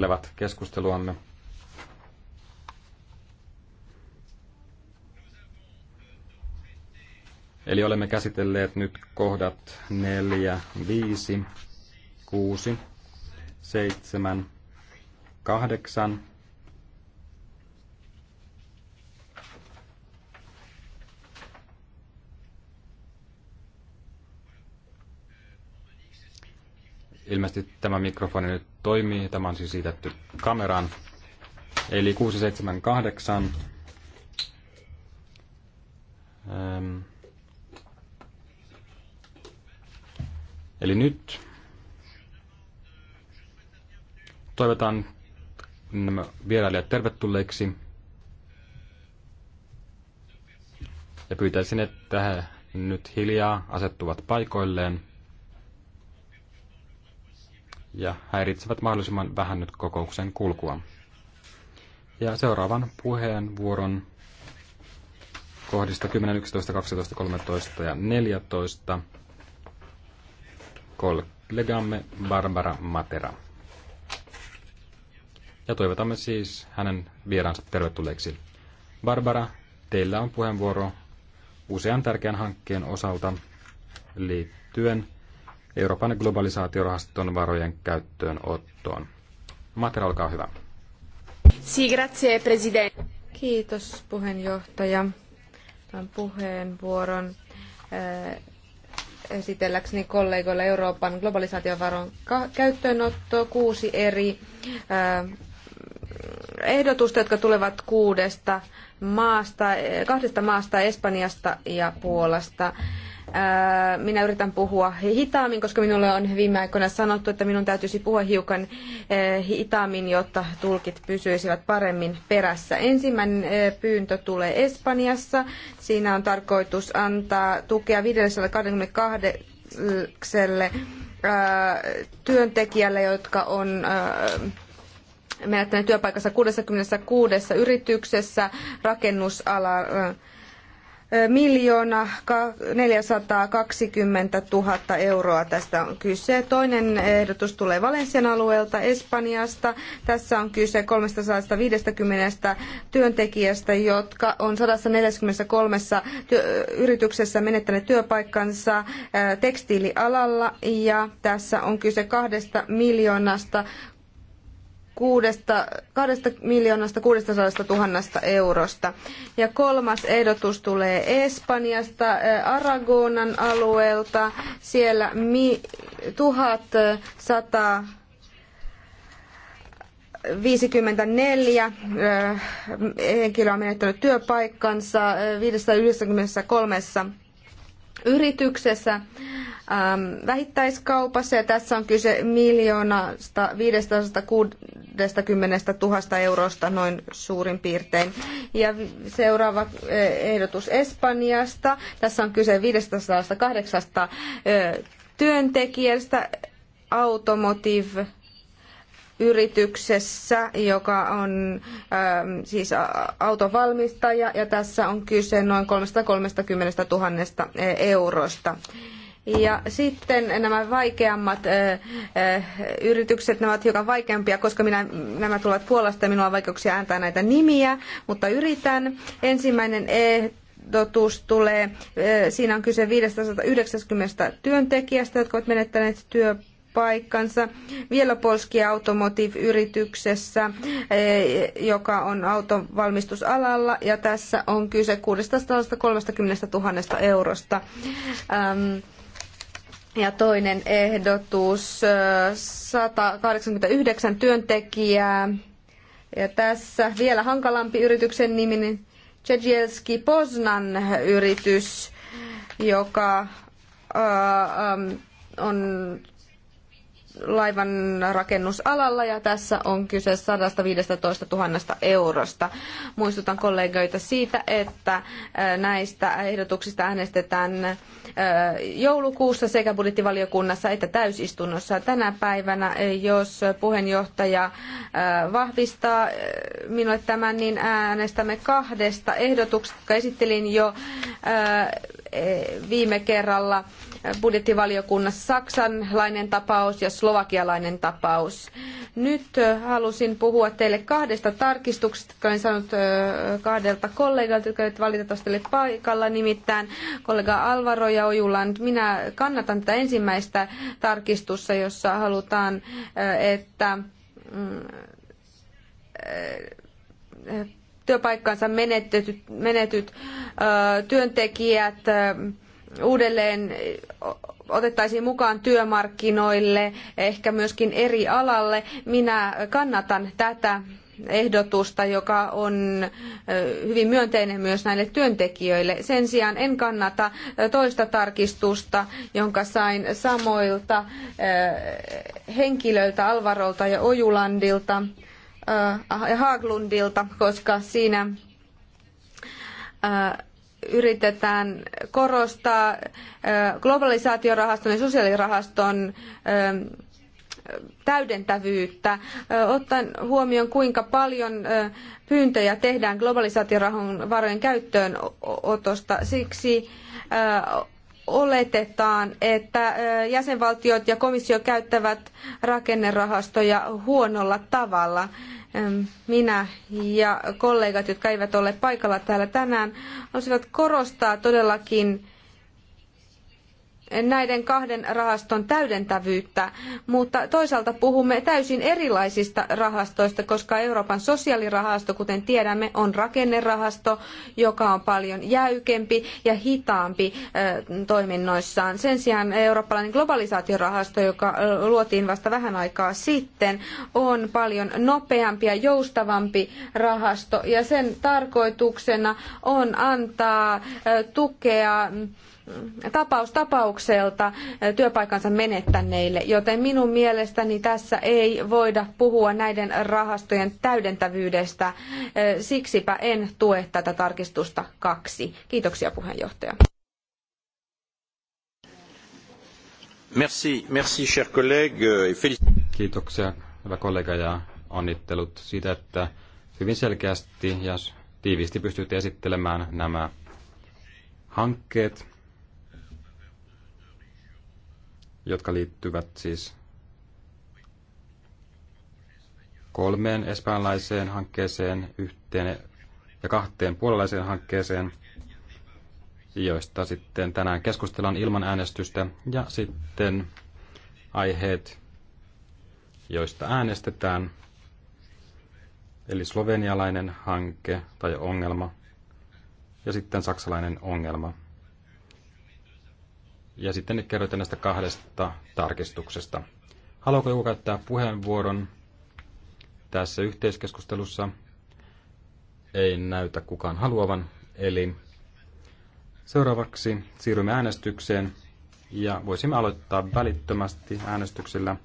virittelevat keskusteluamme. Eli olemme käsitelleet nyt kohdat 4, 5, 6, 7, 8, Ilmeisesti tämä mikrofoni nyt toimii. Tämä on siis liitetty kameraan. Eli 678. Ähm. Eli nyt toivotan nämä vierailijat tervetulleiksi. Ja pyytäisin, että he nyt hiljaa asettuvat paikoilleen ja häiritsevät mahdollisimman vähän nyt kokouksen kulkua. Ja seuraavan puheenvuoron kohdista 10, 11, 12, 13 ja 14 kollegamme Barbara Matera. Ja toivotamme siis hänen vieraansa tervetulleeksi. Barbara, teillä on puheenvuoro usean tärkeän hankkeen osalta liittyen Euroopan globalisaatiorahaston varojen käyttöönottoon. Matera, olkaa hyvä. Si, grazie, president. Kiitos puheenjohtaja tämän puheenvuoron eh, esitelläkseni kollegoille Euroopan globalisaatiovaron käyttöönotto, kuusi eri eh, ehdotusta, jotka tulevat kuudesta maasta, eh, kahdesta maasta, Espanjasta ja Puolasta minä yritän puhua hitaammin, koska minulle on viime aikoina sanottu, että minun täytyisi puhua hiukan hitaammin, jotta tulkit pysyisivät paremmin perässä. Ensimmäinen pyyntö tulee Espanjassa. Siinä on tarkoitus antaa tukea 522 työntekijälle, jotka on menettäneet työpaikassa 66 yrityksessä rakennusalalla miljoona 420 000 euroa tästä on kyse. Toinen ehdotus tulee Valensian alueelta Espanjasta. Tässä on kyse 350 työntekijästä, jotka on 143 yrityksessä menettäneet työpaikkansa tekstiilialalla ja tässä on kyse kahdesta miljoonasta kuudesta, kahdesta miljoonasta 600 tuhannesta eurosta. Ja kolmas ehdotus tulee Espanjasta, eh, Aragonan alueelta. Siellä mi, 1100 54 eh, henkilöä on menettänyt työpaikkansa 593 eh, yrityksessä äm, vähittäiskaupassa ja tässä on kyse miljoonasta 506 60 000 eurosta noin suurin piirtein. Ja seuraava eh, ehdotus Espanjasta. Tässä on kyse 508 eh, työntekijästä Automotive yrityksessä, joka on äm, ehm, siis autovalmistaja, ja tässä on kyse noin 330 000 eh, eurosta. Ja sitten nämä vaikeammat yritykset, nämä ovat hiukan vaikeampia, koska minä, nämä tulevat Puolasta ja minulla on vaikeuksia ääntää näitä nimiä, mutta yritän. Ensimmäinen ehdotus tulee, siinä on kyse 590 työntekijästä, jotka ovat menettäneet työpaikkansa. Vielopolski Automotive-yrityksessä, joka on autovalmistusalalla, ja tässä on kyse 630 000 eurosta. Ähm, ja toinen ehdotus, 189 työntekijää. Ja tässä vielä hankalampi yrityksen niminen niin Czegielski Poznan yritys, joka on laivan rakennusalalla ja tässä on kyse 115 000 eurosta. Muistutan kollegoita siitä, että äh, näistä ehdotuksista äänestetään äh, joulukuussa sekä budjettivaliokunnassa että täysistunnossa tänä päivänä. Jos puheenjohtaja äh, vahvistaa minulle tämän, niin äänestämme kahdesta ehdotuksesta, jotka esittelin jo e, viime kerralla budjettivaliokunnassa saksanlainen tapaus ja slovakialainen tapaus. Nyt halusin puhua teille kahdesta tarkistuksesta, jotka olen saanut kahdelta kollegalta, jotka eivät valitettavasti ole paikalla, nimittäin kollega Alvaro ja Ojulan. Minä kannatan tätä ensimmäistä tarkistusta, jossa halutaan, että mm, työpaikkansa menetetyt, menetyt työntekijät uudelleen otettaisiin mukaan työmarkkinoille, ehkä myöskin eri alalle. Minä kannatan tätä ehdotusta, joka on hyvin myönteinen myös näille työntekijöille. Sen sijaan en kannata toista tarkistusta, jonka sain samoilta henkilöiltä Alvarolta ja Ojulandilta ja Haglundilta, koska siinä yritetään korostaa globalisaatiorahaston ja sosiaalirahaston täydentävyyttä, ottaen huomioon kuinka paljon pyyntöjä tehdään globalisaatiorahan varojen käyttöönotosta. Siksi oletetaan, että jäsenvaltiot ja komissio käyttävät rakennerahastoja huonolla tavalla. Minä ja kollegat, jotka eivät ole paikalla täällä tänään, haluaisivat korostaa todellakin näiden kahden rahaston täydentävyyttä, mutta toisaalta puhumme täysin erilaisista rahastoista, koska Euroopan sosiaalirahasto, kuten tiedämme, on rakennerahasto, joka on paljon jäykempi ja hitaampi toiminnoissaan. Sen sijaan eurooppalainen globalisaatiorahasto, joka luotiin vasta vähän aikaa sitten, on paljon nopeampi ja joustavampi rahasto ja sen tarkoituksena on antaa tukea tapaus tapaukselta työpaikansa menettäneille, joten minun mielestäni tässä ei voida puhua näiden rahastojen täydentävyydestä. Siksipä en tue tätä tarkistusta kaksi. Kiitoksia puheenjohtaja. Merci, merci cher collègue. Kiitoksia, hyvä kollega, ja onnittelut siitä, että hyvin selkeästi ja tiiviisti pystytte esittelemään nämä hankkeet jotka liittyvät siis kolmeen espanjalaiseen hankkeeseen, yhteen ja kahteen puolalaiseen hankkeeseen, joista sitten tänään keskustellaan ilman äänestystä, ja sitten aiheet, joista äänestetään, eli slovenialainen hanke tai ongelma, ja sitten saksalainen ongelma ja sitten kerroitte näistä kahdesta tarkistuksesta. Haluatko joku käyttää puheenvuoron tässä yhteiskeskustelussa? Ei näytä kukaan haluavan, eli seuraavaksi siirrymme äänestykseen ja voisimme aloittaa välittömästi äänestyksillä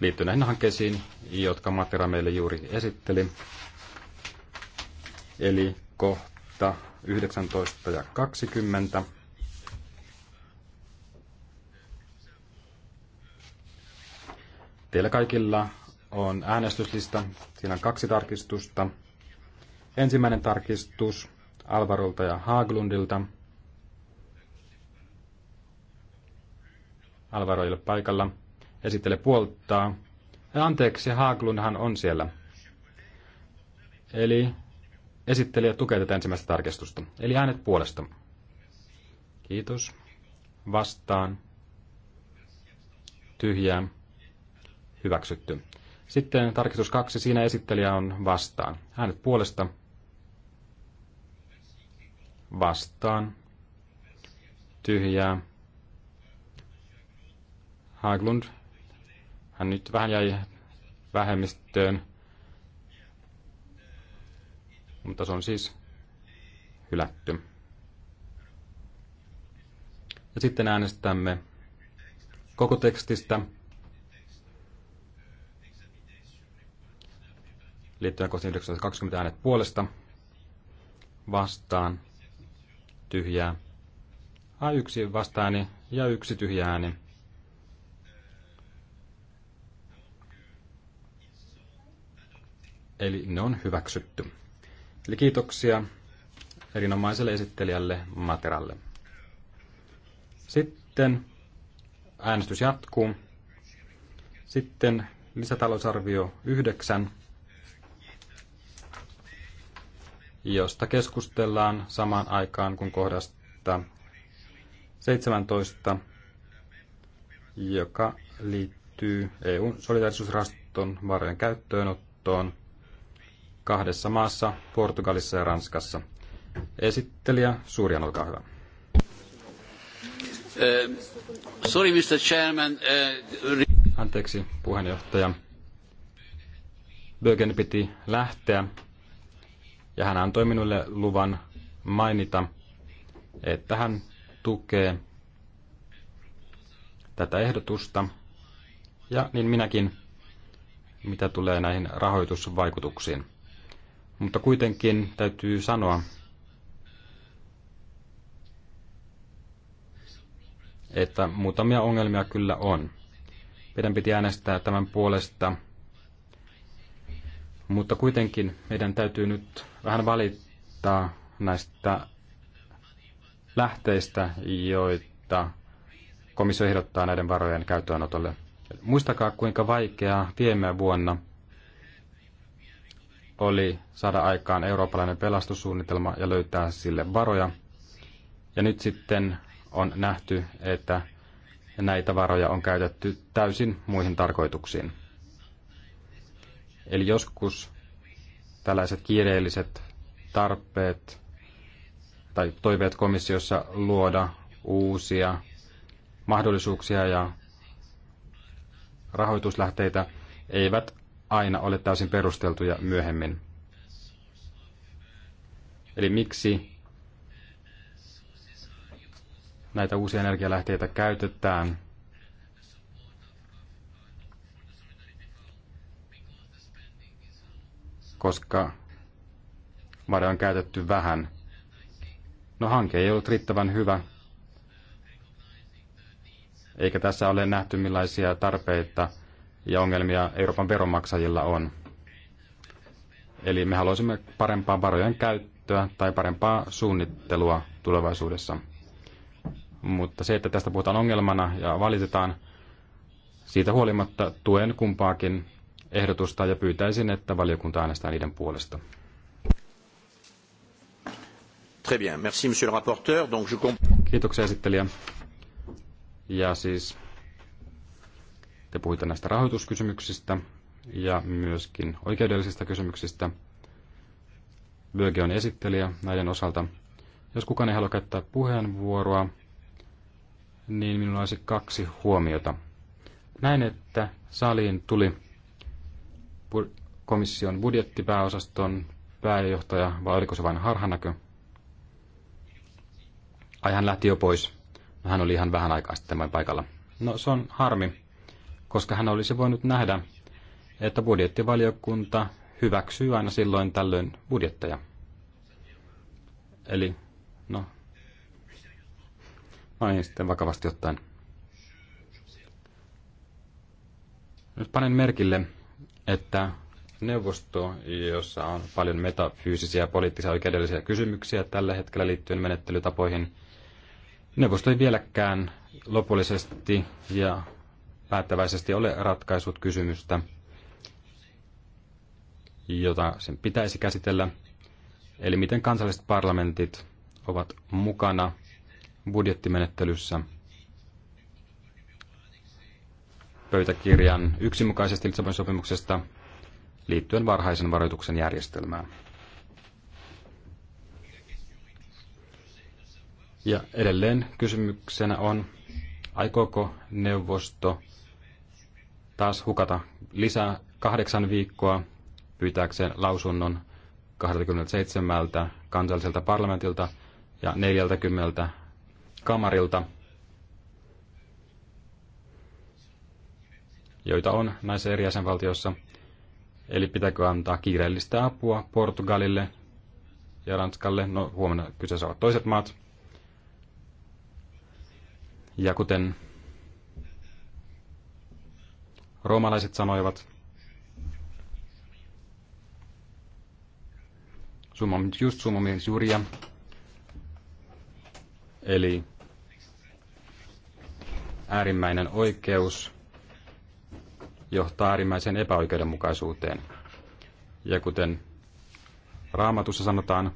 liittyen näihin hankkeisiin, jotka Matera meille juuri esitteli. Eli kohta 19 ja 20. Teillä kaikilla on äänestyslista. Siinä on kaksi tarkistusta. Ensimmäinen tarkistus Alvarolta ja Haaglundilta. Alvaro ei ole paikalla. Esittele puoltaa. anteeksi, Haaglundhan on siellä. Eli Esittelijä tukee tätä ensimmäistä tarkistusta. Eli äänet puolesta. Kiitos. Vastaan. Tyhjää. Hyväksytty. Sitten tarkistus kaksi. Siinä esittelijä on vastaan. Äänet puolesta. Vastaan. Tyhjää. Haglund. Hän nyt vähän jäi vähemmistöön mutta se on siis hylätty. Ja sitten äänestämme koko tekstistä liittyen kohti äänet puolesta vastaan tyhjää. A1 vastaani ja yksi tyhjä ääni. Eli ne on hyväksytty. Eli kiitoksia erinomaiselle esittelijälle Materalle. Sitten äänestys jatkuu. Sitten lisätalousarvio 9, josta keskustellaan samaan aikaan kuin kohdasta 17, joka liittyy eu solidarisuusrahaston varojen käyttöönottoon kahdessa maassa, Portugalissa ja Ranskassa. Esittelijä Suurian, olkaa hyvä. Uh, sorry, Mr. Chairman. Uh... Anteeksi, puheenjohtaja. Bögen piti lähteä ja hän antoi minulle luvan mainita, että hän tukee tätä ehdotusta. Ja niin minäkin, mitä tulee näihin rahoitusvaikutuksiin. Mutta kuitenkin täytyy sanoa, että muutamia ongelmia kyllä on. Meidän piti äänestää tämän puolesta, mutta kuitenkin meidän täytyy nyt vähän valittaa näistä lähteistä, joita komissio ehdottaa näiden varojen käyttöönotolle. Muistakaa, kuinka vaikeaa viime vuonna – oli saada aikaan eurooppalainen pelastussuunnitelma ja löytää sille varoja. Ja nyt sitten on nähty, että näitä varoja on käytetty täysin muihin tarkoituksiin. Eli joskus tällaiset kiireelliset tarpeet tai toiveet komissiossa luoda uusia mahdollisuuksia ja rahoituslähteitä eivät aina ole täysin perusteltuja myöhemmin. Eli miksi näitä uusia energialähteitä käytetään koska vare on käytetty vähän. No hanke ei ollut riittävän hyvä, eikä tässä ole nähty millaisia tarpeita ja ongelmia Euroopan veronmaksajilla on. Eli me haluaisimme parempaa varojen käyttöä tai parempaa suunnittelua tulevaisuudessa. Mutta se, että tästä puhutaan ongelmana ja valitetaan, siitä huolimatta tuen kumpaakin ehdotusta ja pyytäisin, että valiokunta äänestää niiden puolesta. Très bien. Merci, monsieur le rapporteur. Donc je... Kiitoksia esittelijä. Ja siis te puhuitte näistä rahoituskysymyksistä ja myöskin oikeudellisista kysymyksistä. Böge on esittelijä näiden osalta. Jos kukaan ei halua käyttää puheenvuoroa, niin minulla olisi kaksi huomiota. Näin, että saliin tuli komission budjettipääosaston pääjohtaja, vai oliko se vain harhanäkö? Ai hän lähti jo pois. No, hän oli ihan vähän aikaa sitten vain paikalla. No se on harmi koska hän olisi voinut nähdä, että budjettivaliokunta hyväksyy aina silloin tällöin budjetteja. Eli, no, no niin, sitten vakavasti ottaen. Nyt panen merkille, että neuvosto, jossa on paljon metafyysisiä, poliittisia ja oikeudellisia kysymyksiä tällä hetkellä liittyen menettelytapoihin, neuvosto ei vieläkään lopullisesti ja päättäväisesti ole ratkaisut kysymystä, jota sen pitäisi käsitellä, eli miten kansalliset parlamentit ovat mukana budjettimenettelyssä pöytäkirjan yksimukaisesti Lissabonin sopimuksesta liittyen varhaisen varoituksen järjestelmään. Ja edelleen kysymyksenä on, aikooko neuvosto taas hukata lisää kahdeksan viikkoa pyytääkseen lausunnon 27 kansalliselta parlamentilta ja 40 kamarilta, joita on näissä eri jäsenvaltioissa. Eli pitääkö antaa kiireellistä apua Portugalille ja Ranskalle? No huomenna kyseessä ovat toiset maat. Ja kuten roomalaiset sanoivat. Summum just summum juria. Eli äärimmäinen oikeus johtaa äärimmäiseen epäoikeudenmukaisuuteen. Ja kuten raamatussa sanotaan,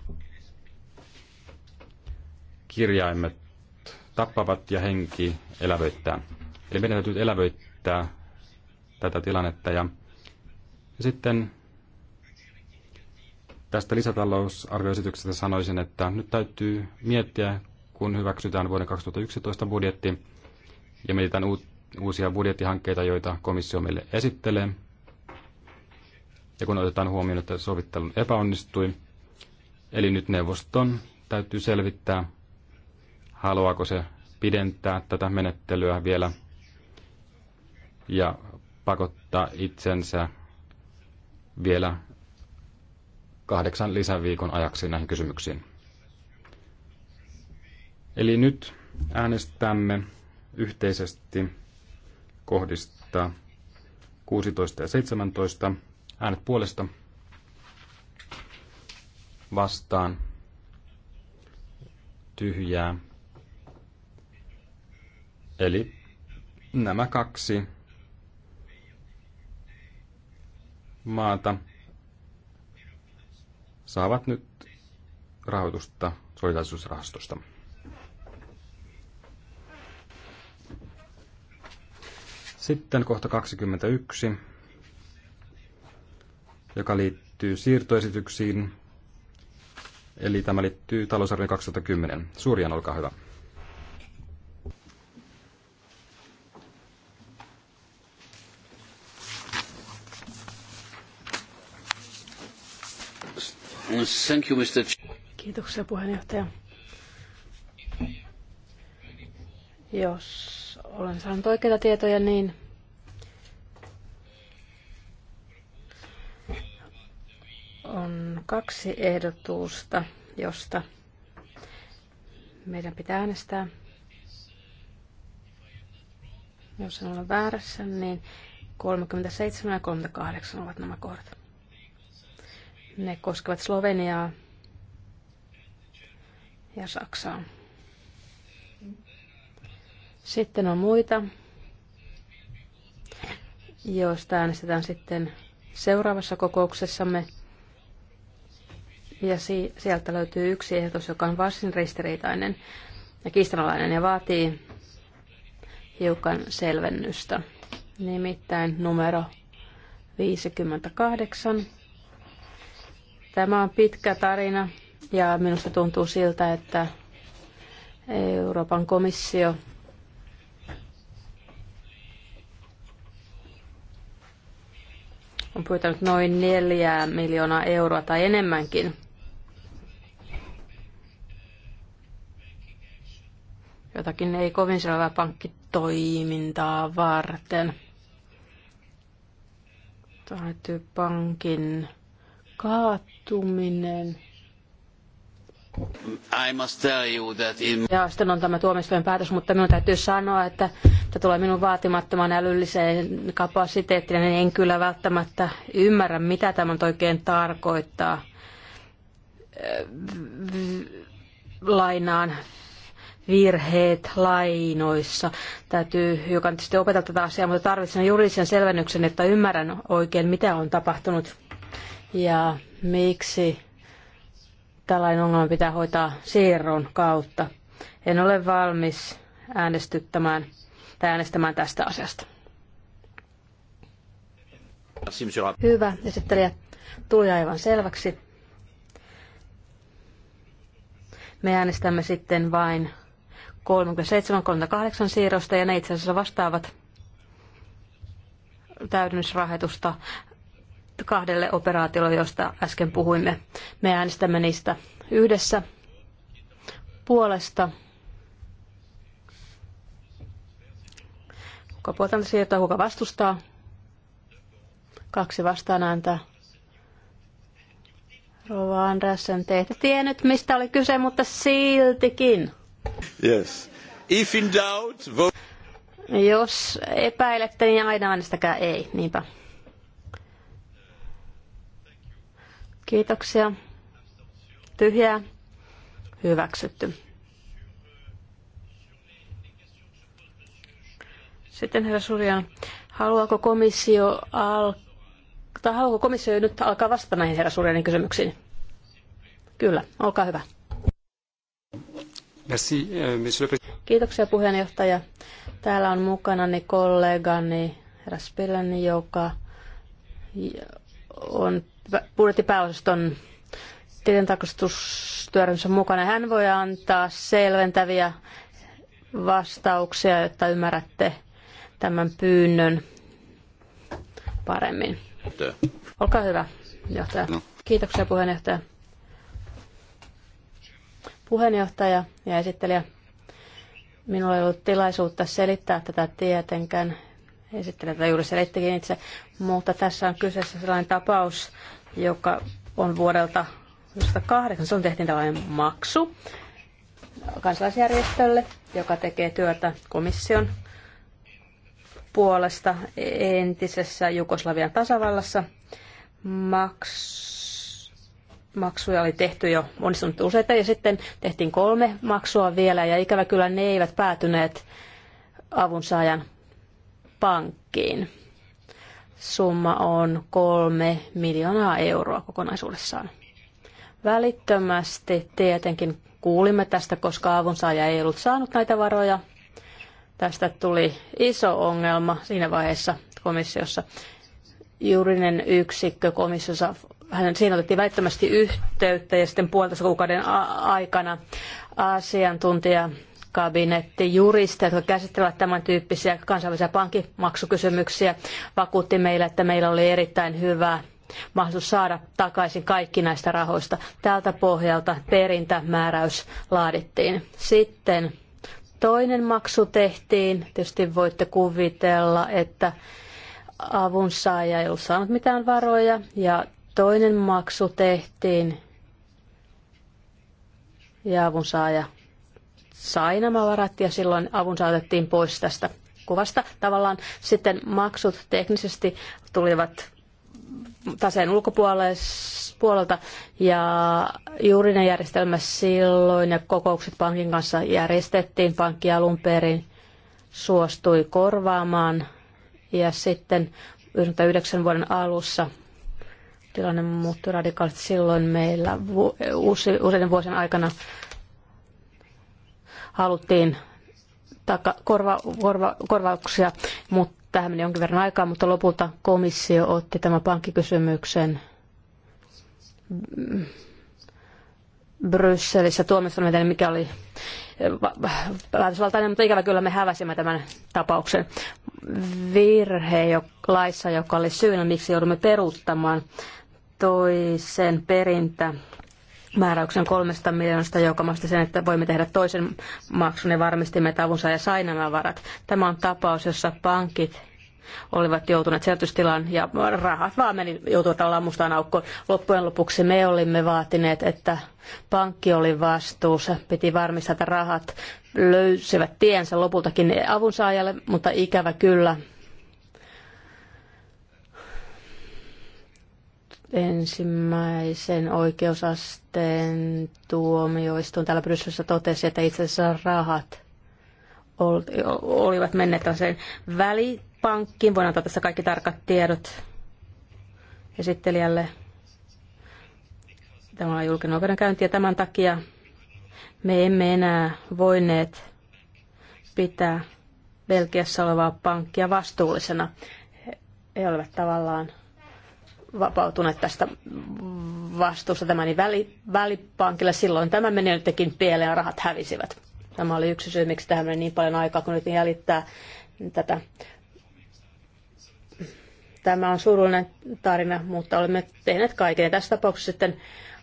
kirjaimet tappavat ja henki elävöittää. Eli meidän täytyy elävöittää tätä tilannetta. Ja sitten tästä lisätalousarvioesityksestä sanoisin, että nyt täytyy miettiä, kun hyväksytään vuoden 2011 budjetti ja mietitään uusia budjettihankkeita, joita komissio meille esittelee. Ja kun otetaan huomioon, että sovittelun epäonnistui, eli nyt neuvoston täytyy selvittää, haluaako se pidentää tätä menettelyä vielä ja pakottaa itsensä vielä kahdeksan lisäviikon ajaksi näihin kysymyksiin. Eli nyt äänestämme yhteisesti kohdista 16 ja 17. Äänet puolesta vastaan tyhjää. Eli nämä kaksi maata saavat nyt rahoitusta solidaisuusrahastosta. Sitten kohta 21, joka liittyy siirtoesityksiin. Eli tämä liittyy talousarvioon 2010. Suurian, olkaa hyvä. Thank you, Mr. Kiitoksia puheenjohtaja. Jos olen saanut oikeita tietoja, niin on kaksi ehdotusta, josta meidän pitää äänestää. Jos en ole väärässä, niin 37 ja 38 ovat nämä kohdat. Ne koskevat Sloveniaa ja Saksaa. Sitten on muita, joista äänestetään sitten seuraavassa kokouksessamme. Ja si- sieltä löytyy yksi ehdotus, joka on varsin ristiriitainen ja kiistanalainen ja vaatii hiukan selvennystä. Nimittäin numero 58. Tämä on pitkä tarina ja minusta tuntuu siltä, että Euroopan komissio on pyytänyt noin neljää miljoonaa euroa tai enemmänkin. Jotakin ei kovin selvää pankkitoimintaa varten. Täytyy pankin kaatuminen. I must tell you that in... Ja sitten on tämä tuomistojen päätös, mutta minun täytyy sanoa, että, tämä tulee minun vaatimattoman älylliseen kapasiteettiin, niin en kyllä välttämättä ymmärrä, mitä tämä oikein tarkoittaa. Äh, lainaan virheet lainoissa. Täytyy hiukan tietysti opetella tätä asiaa, mutta tarvitsen juridisen selvennyksen, että ymmärrän oikein, mitä on tapahtunut ja miksi tällainen ongelma pitää hoitaa siirron kautta. En ole valmis äänestyttämään tai äänestämään tästä asiasta. Hyvä, esittelijä. Tuli aivan selväksi. Me äänestämme sitten vain 37-38 siirrosta ja ne itse asiassa vastaavat täydennysrahoitusta kahdelle operaatiolle, josta äsken puhuimme. Me äänestämme niistä yhdessä puolesta. Kuka puolta siirtää, kuka vastustaa? Kaksi vastaan ääntä. Rova Andersen, te ette tiennyt, mistä oli kyse, mutta siltikin. Yes. If in doubt, vote. Jos epäilette, niin aina äänestäkää ei. Niinpä. Kiitoksia. Tyhjää. Hyväksytty. Sitten herra Surjan, haluaako komissio, al- tai haluaako komissio nyt alkaa vastata näihin herra Surjanin kysymyksiin? Kyllä, olkaa hyvä. Merci, euh, monsieur Kiitoksia puheenjohtaja. Täällä on mukanani kollegani herra Spillani, joka on budjettipääosaston tilintarkastustyöryhmässä mukana. Hän voi antaa selventäviä vastauksia, jotta ymmärrätte tämän pyynnön paremmin. Olkaa hyvä, johtaja. No. Kiitoksia puheenjohtaja. Puheenjohtaja ja esittelijä. Minulla ei ollut tilaisuutta selittää tätä tietenkään esittelen tätä juuri selittikin itse, mutta tässä on kyseessä sellainen tapaus, joka on vuodelta 2008. Se on tehtiin tällainen maksu kansalaisjärjestölle, joka tekee työtä komission puolesta entisessä Jugoslavian tasavallassa. Maks... Maksuja oli tehty jo onnistunut useita ja sitten tehtiin kolme maksua vielä ja ikävä kyllä ne eivät päätyneet avunsaajan pankkiin. Summa on kolme miljoonaa euroa kokonaisuudessaan. Välittömästi tietenkin kuulimme tästä, koska avunsaaja ei ollut saanut näitä varoja. Tästä tuli iso ongelma siinä vaiheessa komissiossa. Juurinen yksikkö komissiossa hän siinä otettiin väittömästi yhteyttä ja sitten puolitoista kuukauden aikana asiantuntija kabinetti jotka käsittelevät tämän tyyppisiä kansainvälisiä pankkimaksukysymyksiä, vakuutti meille, että meillä oli erittäin hyvä mahdollisuus saada takaisin kaikki näistä rahoista. Tältä pohjalta perintämääräys laadittiin. Sitten toinen maksu tehtiin. Tietysti voitte kuvitella, että avunsaaja ei ollut saanut mitään varoja. Ja toinen maksu tehtiin ja avunsaaja sai nämä varat ja silloin avun saatettiin pois tästä kuvasta. Tavallaan sitten maksut teknisesti tulivat taseen ulkopuolelta ja juurinen järjestelmä silloin ja kokoukset pankin kanssa järjestettiin. Pankki alun perin suostui korvaamaan ja sitten 99 vuoden alussa tilanne muuttui radikaalisti. Silloin meillä useiden vuosien aikana haluttiin taka- korva, korva, korvauksia, mutta tähän meni jonkin verran aikaa, mutta lopulta komissio otti tämän pankkikysymyksen Brysselissä tuomioistuimen mikä oli päätösvaltainen, mutta ikävä kyllä me häväsimme tämän tapauksen virhe jo, laissa, joka oli syynä, miksi joudumme peruuttamaan toisen perintä määräyksen kolmesta miljoonasta, joka sen, että voimme tehdä toisen maksun ja varmistimme, että avunsaaja sai nämä varat. Tämä on tapaus, jossa pankit olivat joutuneet sijoitustilaan ja rahat vaan meni, joutuivat tavallaan mustaan aukkoon. Loppujen lopuksi me olimme vaatineet, että pankki oli vastuussa, piti varmistaa, että rahat löysivät tiensä lopultakin avunsaajalle, mutta ikävä kyllä ensimmäisen oikeusasteen tuomioistuin täällä Brysselissä totesi, että itse asiassa rahat olivat menneet sen välipankkiin. Voin antaa tässä kaikki tarkat tiedot esittelijälle. Tämä on julkinen oikeudenkäynti ja tämän takia me emme enää voineet pitää Belgiassa olevaa pankkia vastuullisena. He olivat tavallaan vapautuneet tästä vastuusta tämä niin väli, välipankille. Silloin tämä meni jotenkin pieleen ja rahat hävisivät. Tämä oli yksi syy, miksi tähän meni niin paljon aikaa, kun nyt jäljittää tätä. Tämä on surullinen tarina, mutta olemme tehneet kaiken. Ja tässä tapauksessa sitten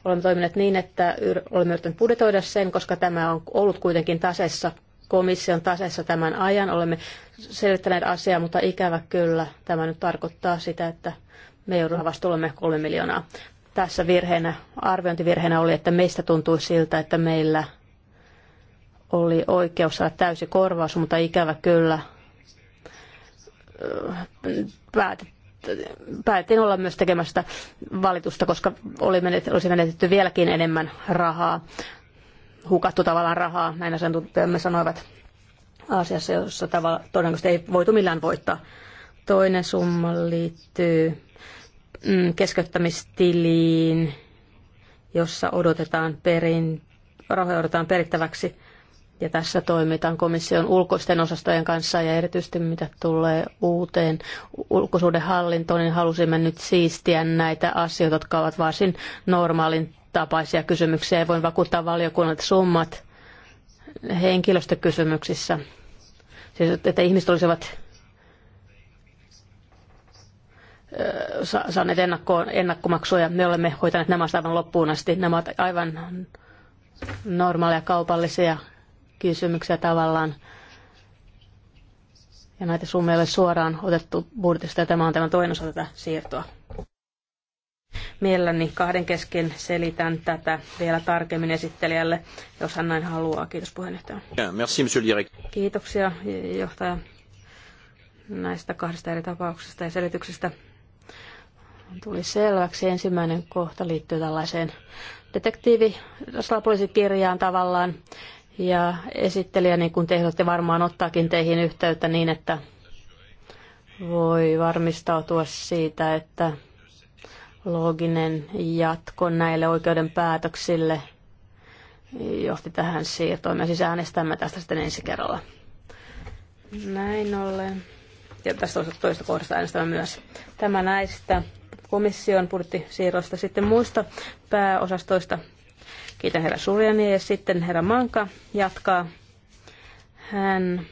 olemme toimineet niin, että olemme yrittäneet budjetoida sen, koska tämä on ollut kuitenkin tasessa komission tasessa tämän ajan. Olemme selvittäneet asiaa, mutta ikävä kyllä tämä nyt tarkoittaa sitä, että me joudumme vastuullemme kolme miljoonaa. Tässä virheenä, arviointivirheenä oli, että meistä tuntui siltä, että meillä oli oikeus saada täysi korvaus, mutta ikävä kyllä päätin olla myös tekemästä valitusta, koska oli menet, olisi menetetty vieläkin enemmän rahaa, hukattu tavallaan rahaa, näin asiantuntijamme sanoivat asiassa, jossa tavalla, todennäköisesti ei voitu millään voittaa. Toinen summa liittyy Mm, keskeyttämistiliin, jossa odotetaan perin, rahoja odotetaan perittäväksi. Ja tässä toimitaan komission ulkoisten osastojen kanssa ja erityisesti mitä tulee uuteen hallintoon, niin halusimme nyt siistiä näitä asioita, jotka ovat varsin normaalin tapaisia kysymyksiä. Ja voin vakuuttaa valiokunnat summat henkilöstökysymyksissä, siis että ihmiset olisivat saaneet ennakkoon, ennakkomaksuja. Me olemme hoitaneet nämä aivan loppuun asti. Nämä ovat aivan normaaleja kaupallisia kysymyksiä tavallaan. Ja näitä summia ei suoraan otettu budjetista ja tämä on tämä toinen osa tätä siirtoa. Mielelläni kahden kesken selitän tätä vielä tarkemmin esittelijälle, jos hän näin haluaa. Kiitos puheenjohtaja. Kiitoksia johtaja näistä kahdesta eri tapauksesta ja selityksestä tuli selväksi. Ensimmäinen kohta liittyy tällaiseen detektiivi kirjaan tavallaan. Ja esittelijä, niin kuin te varmaan ottaakin teihin yhteyttä niin, että voi varmistautua siitä, että looginen jatko näille oikeuden päätöksille johti tähän siirtoon. Me siis äänestämme tästä sitten ensi kerralla. Näin ollen. Ja tästä toista kohdasta äänestämme myös. Tämä näistä komission budjettisiirrosta sitten muista pääosastoista. Kiitän herra Suljani ja sitten herra Manka jatkaa. Hän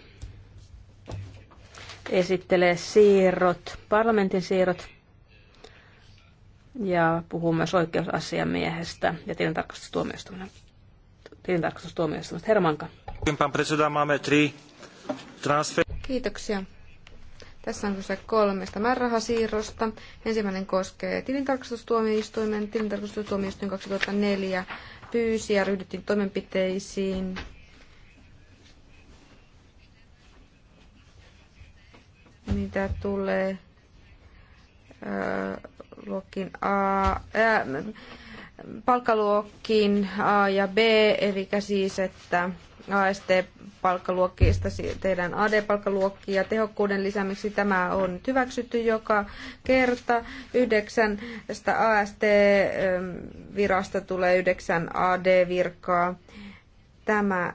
esittelee siirrot, parlamentin siirrot ja puhuu myös oikeusasiamiehestä ja tilintarkastustuomioistuimesta. Tilintarkastustuomioistuimesta. Herra Manka. Kiitoksia tässä on kyse kolmesta määrärahasiirrosta. Ensimmäinen koskee tilintarkastustuomioistuimen. Tilintarkastustuomioistuin 2004 pyysi ja ryhdyttiin toimenpiteisiin mitä tulee ää, luokkiin A, ää, palkkaluokkiin A ja B, eli siis, että AST-palkkaluokkiista tehdään AD-palkkaluokki ja tehokkuuden lisäämiseksi tämä on nyt hyväksytty joka kerta. Yhdeksän AST-virasta tulee yhdeksän AD-virkaa. Tämä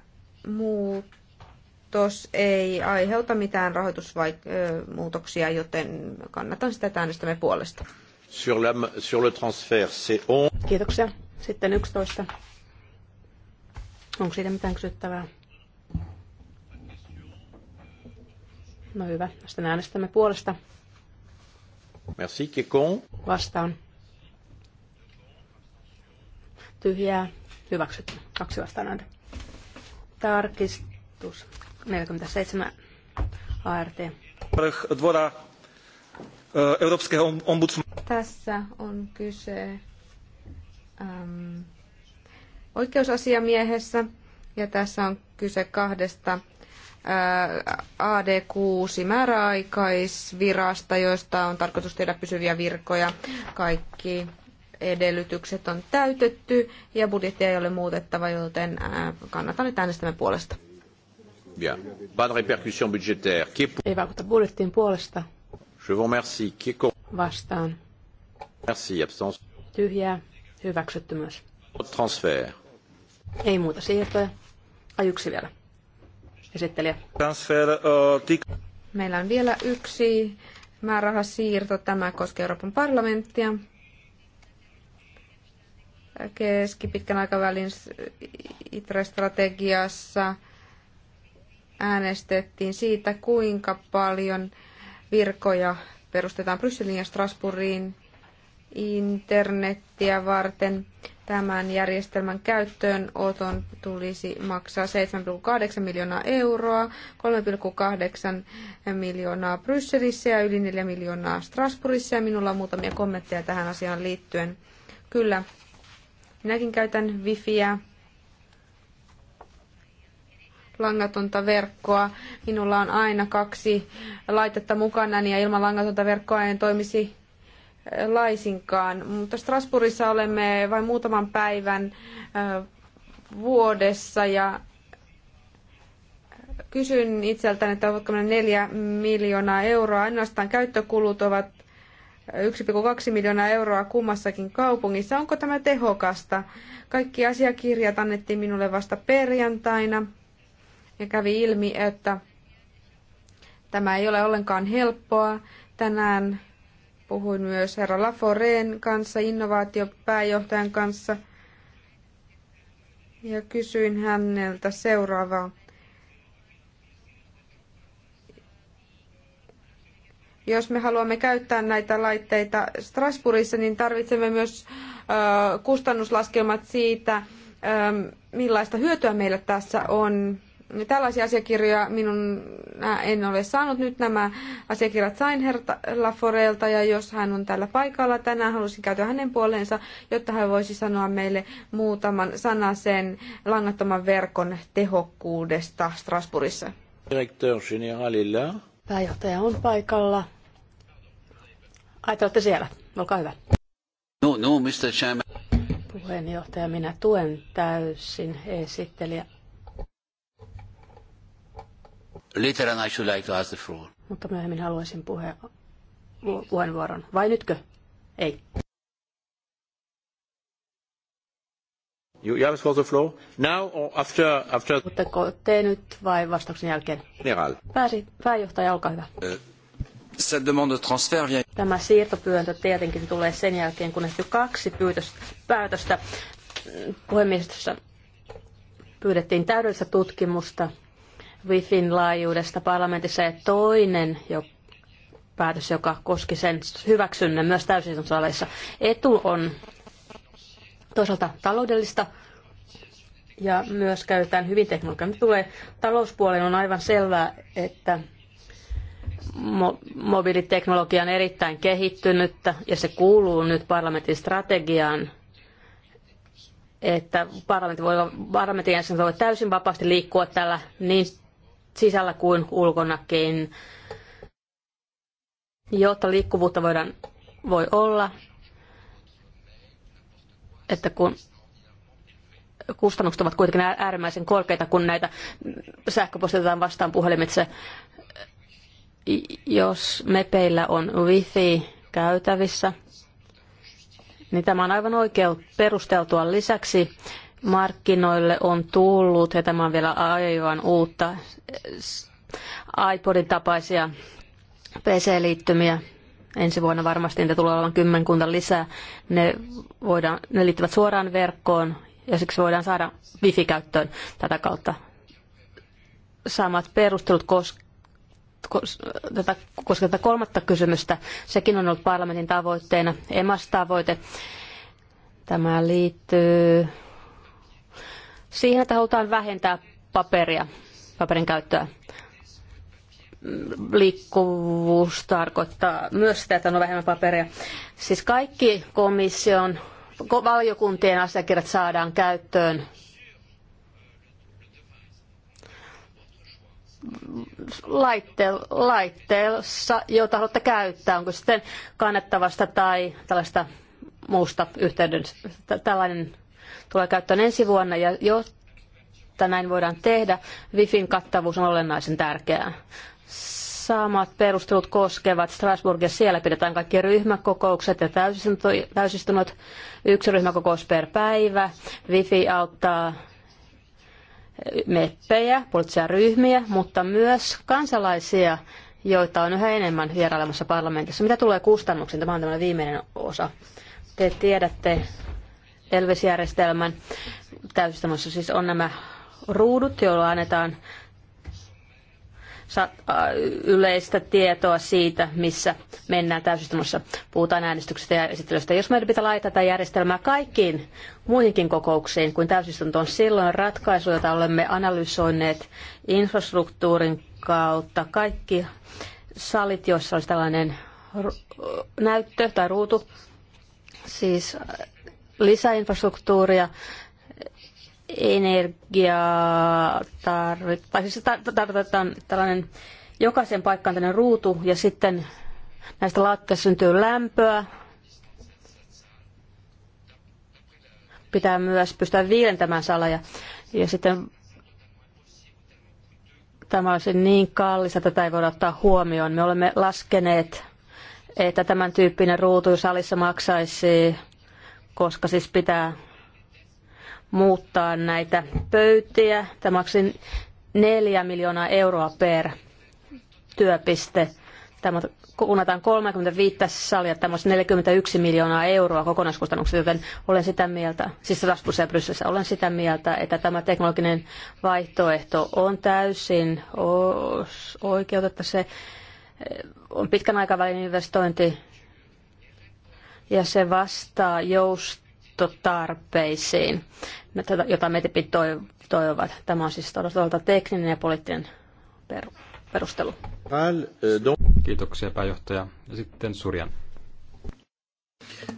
muutos ei aiheuta mitään rahoitusmuutoksia, joten kannatan sitä, että äänestämme puolesta. Sur, la, sur le transfert, c'est on. Kiitoksia. Sitten 11. Onko siitä mitään kysyttävää? No hyvä. Sitten äänestämme puolesta. Merci. Qui Vastaan. Tyhjää. Hyväksytty. Kaksi vastaan ääntä. Tarkistus. 47 ART. Dvora Európskeho ombudsmana. Tässä on kyse äm, oikeusasiamiehessä ja tässä on kyse kahdesta AD6 määräaikaisvirasta, joista on tarkoitus tehdä pysyviä virkoja. Kaikki edellytykset on täytetty ja budjettia ei ole muutettava, joten kannatan nyt äänestämään puolesta. Bien. Pas de répercussion budgétaire. Qui... Ei vaikuta budjettiin puolesta. Je vous remercie. Qui est Vastaan. Merci. Abstention. Tyhjää. Hyväksytty myös. Transfer. Ei muuta siirtoja. Ai yksi vielä. Esittelijä. Transfer, uh, Meillä on vielä yksi määrärahasiirto. Tämä koskee Euroopan parlamenttia. Keskipitkän aikavälin ITRE-strategiassa äänestettiin siitä, kuinka paljon virkoja perustetaan Brysselin ja Strasbourgiin internettiä varten. Tämän järjestelmän käyttöön oton tulisi maksaa 7,8 miljoonaa euroa, 3,8 miljoonaa Brysselissä ja yli 4 miljoonaa Strasbourgissa. Ja minulla on muutamia kommentteja tähän asiaan liittyen. Kyllä, minäkin käytän wifiä langatonta verkkoa. Minulla on aina kaksi laitetta mukana ja ilman langatonta verkkoa en toimisi eh, laisinkaan. Mutta Strasbourgissa olemme vain muutaman päivän eh, vuodessa ja eh, kysyn itseltäni, että ovatko ne neljä miljoonaa euroa. Ainoastaan käyttökulut ovat 1,2 miljoonaa euroa kummassakin kaupungissa. Onko tämä tehokasta? Kaikki asiakirjat annettiin minulle vasta perjantaina ja kävi ilmi, että tämä ei ole ollenkaan helppoa. Tänään puhuin myös herra Laforeen kanssa, innovaatiopääjohtajan kanssa, ja kysyin häneltä seuraavaa. Jos me haluamme käyttää näitä laitteita Strasbourgissa, niin tarvitsemme myös kustannuslaskelmat siitä, millaista hyötyä meillä tässä on niin tällaisia asiakirjoja minun en ole saanut. Nyt nämä asiakirjat sain herta Laforelta ja jos hän on täällä paikalla tänään, halusin käytyä hänen puoleensa, jotta hän voisi sanoa meille muutaman sana sen langattoman verkon tehokkuudesta Strasbourgissa. Pääjohtaja on paikalla. Ai, te olette siellä. Olkaa hyvä. No, no, Mr. Chairman. Puheenjohtaja, minä tuen täysin esittelijä Later I should like to ask the floor. Mutta myöhemmin haluaisin puhe, puheenvuoron. Vai nytkö? Ei. You, have the floor now or after... after... Mutta te nyt vai vastauksen jälkeen? General. Pääsi, pääjohtaja, olkaa hyvä. Uh, cette demande de transfert vient... Tämä siirtopyyntö tietenkin tulee sen jälkeen, kun tehty kaksi pyytöstä, päätöstä puhemiehistössä pyydettiin täydellistä tutkimusta WIFin laajuudesta parlamentissa ja toinen jo päätös, joka koski sen hyväksynnän myös täysistuntosaleissa. Etu on toisaalta taloudellista ja myös käytetään hyvin teknologiaa. Mitä tulee talouspuoleen, on aivan selvää, että mo- mobiiliteknologia on erittäin kehittynyttä ja se kuuluu nyt parlamentin strategiaan että parlamentin, voi, parlamentin jäsenet voivat täysin vapaasti liikkua tällä niin sisällä kuin ulkonakin, jotta liikkuvuutta voidaan, voi olla, että kun kustannukset ovat kuitenkin äärimmäisen korkeita, kun näitä sähköpostitetaan vastaan puhelimitse. Jos mepeillä on wifi käytävissä, niin tämä on aivan oikein perusteltua lisäksi markkinoille on tullut, ja tämä on vielä aivan uutta, iPodin tapaisia PC-liittymiä. Ensi vuonna varmasti niitä tulee olemaan kymmenkunta lisää. Ne, voidaan, ne liittyvät suoraan verkkoon ja siksi voidaan saada wifi-käyttöön tätä kautta. Samat perustelut koskevat tätä, koska tätä kolmatta kysymystä, sekin on ollut parlamentin tavoitteena, EMAS-tavoite. Tämä liittyy siihen, että halutaan vähentää paperia, paperin käyttöä. Liikkuvuus tarkoittaa myös sitä, että on vähemmän paperia. Siis kaikki komission valiokuntien asiakirjat saadaan käyttöön Laitte- laitteessa, jota haluatte käyttää, onko sitten kannettavasta tai tällaista muusta yhteydestä. Tällainen tulee käyttöön ensi vuonna ja jotta näin voidaan tehdä, Wifin kattavuus on olennaisen tärkeää. Samat perustelut koskevat Strasbourgia. Siellä pidetään kaikki ryhmäkokoukset ja täysistunnot. Yksi ryhmäkokous per päivä. Wifi auttaa meppejä, poliittisia ryhmiä, mutta myös kansalaisia, joita on yhä enemmän vierailemassa parlamentissa. Mitä tulee kustannuksiin? Tämä on tämä viimeinen osa. Te tiedätte, Elvis-järjestelmän täysistunnossa siis on nämä ruudut, joilla annetaan yleistä tietoa siitä, missä mennään täysistunnossa. Puhutaan äänestyksestä ja esittelystä. Jos meidän pitää laittaa tätä järjestelmä kaikkiin muihinkin kokouksiin kuin täysistuntoon, silloin ratkaisu, jota olemme analysoineet infrastruktuurin kautta, kaikki salit, joissa olisi tällainen näyttö tai ruutu, siis lisäinfrastruktuuria, energiaa tarvitaan, siis tarvitaan tällainen jokaisen paikkaan tällainen ruutu ja sitten näistä laatteista syntyy lämpöä. Pitää myös pystyä viilentämään salaja. Ja sitten tämä olisi niin kallista, että tätä ei voida ottaa huomioon. Me olemme laskeneet, että tämän tyyppinen ruutu salissa maksaisi koska siis pitää muuttaa näitä pöytiä. Tämä maksin siis 4 miljoonaa euroa per työpiste. Tämä kunnataan 35 salia, tämä olisi 41 miljoonaa euroa kokonaiskustannuksia joten olen sitä mieltä, siis Raspussa ja Brysselissä olen sitä mieltä, että tämä teknologinen vaihtoehto on täysin oikeutettu. Se on pitkän aikavälin investointi, ja se vastaa joustotarpeisiin, jota METIPit toivovat. Tämä on siis todella tekninen ja poliittinen perustelu. Eh, Kiitoksia pääjohtaja. Ja sitten Surjan.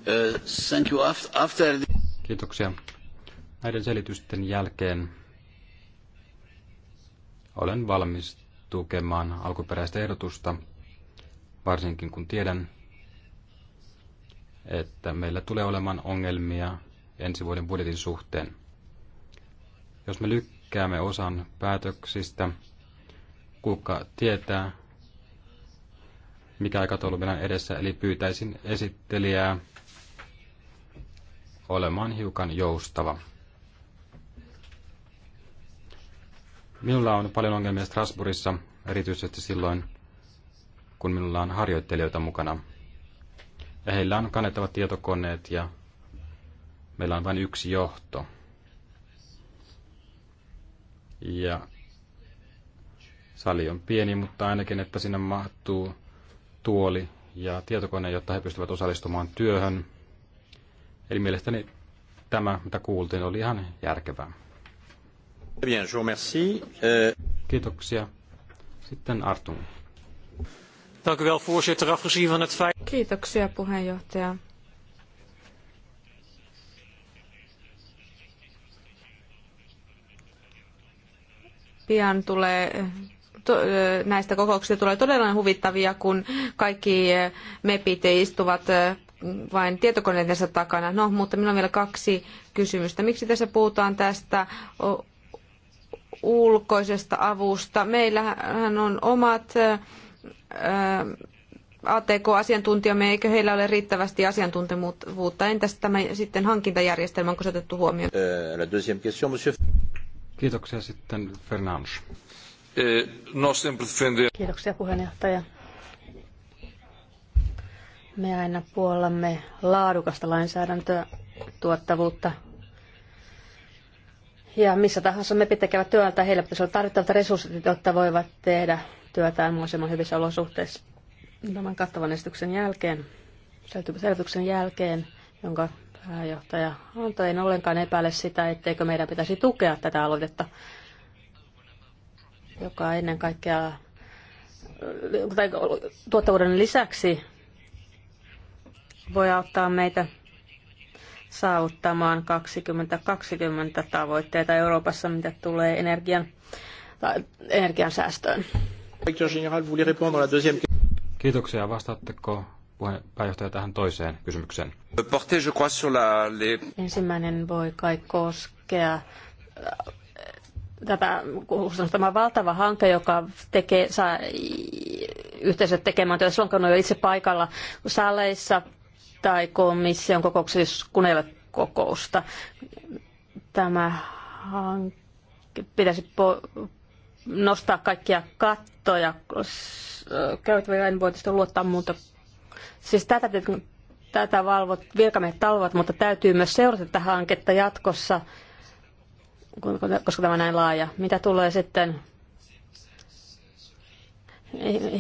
Eh, thank you. After... Kiitoksia. Näiden selitysten jälkeen olen valmis tukemaan alkuperäistä ehdotusta, varsinkin kun tiedän, että meillä tulee olemaan ongelmia ensi vuoden budjetin suhteen. Jos me lykkäämme osan päätöksistä, kuka tietää, mikä aikataulu meillä meidän edessä, eli pyytäisin esittelijää olemaan hiukan joustava. Minulla on paljon ongelmia Strasbourgissa, erityisesti silloin, kun minulla on harjoittelijoita mukana. Ja heillä on kannettavat tietokoneet ja meillä on vain yksi johto. Ja sali on pieni, mutta ainakin, että sinne mahtuu tuoli ja tietokone, jotta he pystyvät osallistumaan työhön. Eli mielestäni tämä, mitä kuultiin, oli ihan järkevää. Bien, je merci. Euh, Kiitoksia. Sitten Artun. Dank u wel, voorzitter. Afgezien van het feit... Kiitoksia puheenjohtaja. Pian tulee näistä kokouksista tulee todella huvittavia, kun kaikki mepit istuvat vain tietokoneidensa takana. No, mutta minulla on vielä kaksi kysymystä. Miksi tässä puhutaan tästä ulkoisesta avusta? Meillähän on omat ATK-asiantuntijamme, eikö heillä ole riittävästi asiantuntemuutta? Entäs tämä sitten hankintajärjestelmä, onko se otettu huomioon? La deuxième question, monsieur. Kiitoksia sitten Fernandes. Kiitoksia puheenjohtaja. Me aina puollamme laadukasta lainsäädäntöä, tuottavuutta, ja missä tahansa me tekevät työtä, heillä pitäisi olla tarvittavat resurssit, jotta voivat tehdä työtään mahdollisimman hyvissä olosuhteissa tämän kattavan esityksen jälkeen, selvityksen jälkeen, jonka pääjohtaja antoi, en ollenkaan epäile sitä, etteikö meidän pitäisi tukea tätä aloitetta, joka ennen kaikkea tai tuottavuuden lisäksi voi auttaa meitä saavuttamaan 2020 tavoitteita Euroopassa, mitä tulee energian, säästöön. Kiitoksia. Vastaatteko puheenjohtaja tähän toiseen kysymykseen? Ensimmäinen voi kai koskea äh, tätä, tämä valtava hanke, joka tekee, saa yhteisöt tekemään työtä silloin, kun on jo itse paikalla saleissa tai komission kokouksessa, kun ei ole kokousta. Tämä hanke pitäisi nostaa kaikkia kattoja käytävillä, en voi luottaa muuta. Siis tätä, tätä valvot, virkamiehet talvat, mutta täytyy myös seurata tätä hanketta jatkossa, koska tämä on näin laaja. Mitä tulee sitten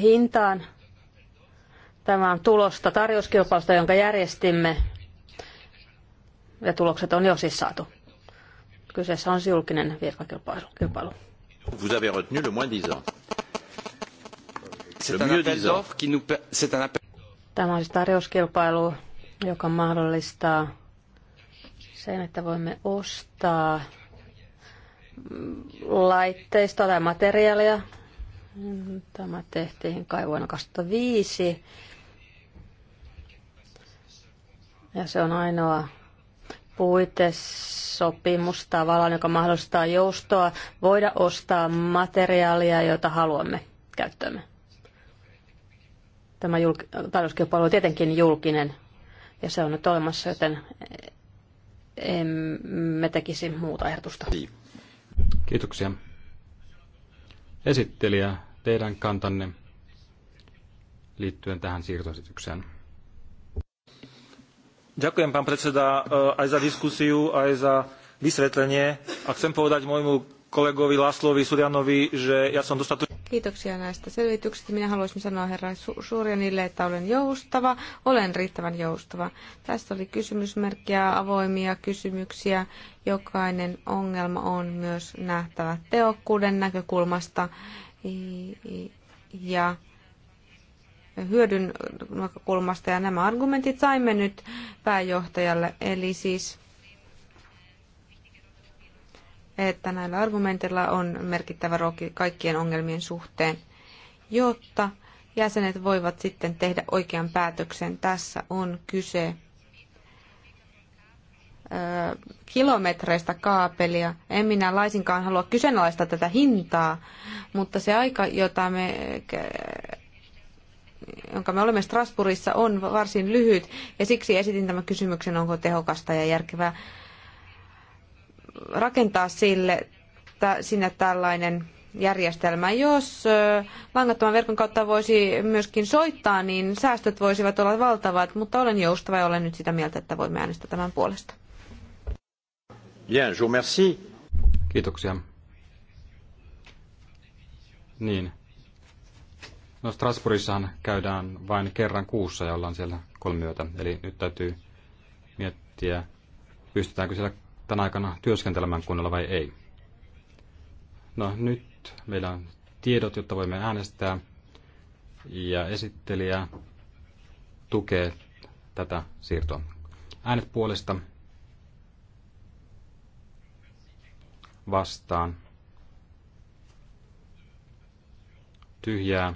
hintaan? Tämä on tulosta tarjouskilpailusta, jonka järjestimme, ja tulokset on jo siis saatu. Kyseessä on julkinen virkakilpailu. Vous avez retenu le moins 10 ans. Tämä on siis tarjouskilpailu, joka mahdollistaa sen, että voimme ostaa laitteista tai materiaalia. Tämä tehtiin kai vuonna 2005. Ja se on ainoa puitesopimus tavallaan, joka mahdollistaa joustoa voida ostaa materiaalia, jota haluamme käyttöömme. Tämä julk- tarjouskilpailu on tietenkin julkinen ja se on nyt olemassa, joten emme tekisi muuta ehdotusta. Kiitoksia. Esittelijä, teidän kantanne liittyen tähän siirtoesitykseen. Ďakujem, pán predseda, eh, aj za diskusiu, aj za vysvetlenie. A chcem povedať môjmu kolegovi Laslovi Surianovi, že ja som dostatočne... Kiitoksia näistä selvityksistä. Minä haluaisin sanoa herra Su- Suurjanille, että olen joustava. Olen riittävän joustava. Tässä oli kysymysmerkkiä, avoimia kysymyksiä. Jokainen ongelma on myös nähtävä tehokkuuden näkökulmasta ja hyödyn näkökulmasta. Ja nämä argumentit saimme nyt pääjohtajalle. Eli siis että näillä argumenteilla on merkittävä rooli kaikkien ongelmien suhteen, jotta jäsenet voivat sitten tehdä oikean päätöksen. Tässä on kyse kilometreistä kaapelia. En minä laisinkaan halua kyseenalaistaa tätä hintaa, mutta se aika, jota me, jonka me olemme Strasbourgissa, on varsin lyhyt, ja siksi esitin tämän kysymyksen, onko tehokasta ja järkevää rakentaa sille sinne tällainen järjestelmä. Jos langattoman verkon kautta voisi myöskin soittaa, niin säästöt voisivat olla valtavat, mutta olen joustava ja olen nyt sitä mieltä, että voimme äänestää tämän puolesta. Bien, je vous remercie. Kiitoksia. Niin. No Strasbourgissahan käydään vain kerran kuussa ja ollaan siellä kolmiota, eli nyt täytyy miettiä, pystytäänkö siellä tänä aikana työskentelemään kunnolla vai ei. No nyt meillä on tiedot, jotta voimme äänestää ja esittelijä tukee tätä siirtoa. Äänet puolesta vastaan. Tyhjää.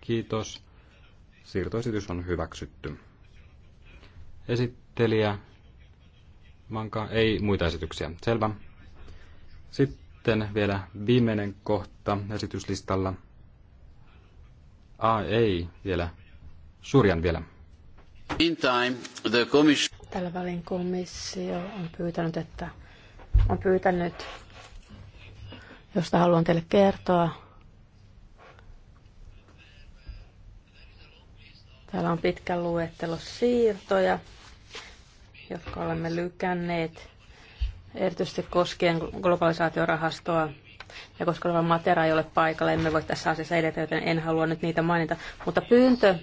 Kiitos. Siirtoesitys on hyväksytty. Esittelijä Mankaa ei muita esityksiä. Selvä. Sitten vielä viimeinen kohta esityslistalla. A ei vielä. Surjan vielä. time, the commission... Tällä välin komissio on pyytänyt, että on pyytänyt, josta haluan teille kertoa. Täällä on pitkä luettelo siirtoja jotka olemme lykänneet, erityisesti koskien globalisaatiorahastoa ja koska oleva matera ei ole paikalla, emme voi tässä asiassa edetä, joten en halua nyt niitä mainita. Mutta pyyntö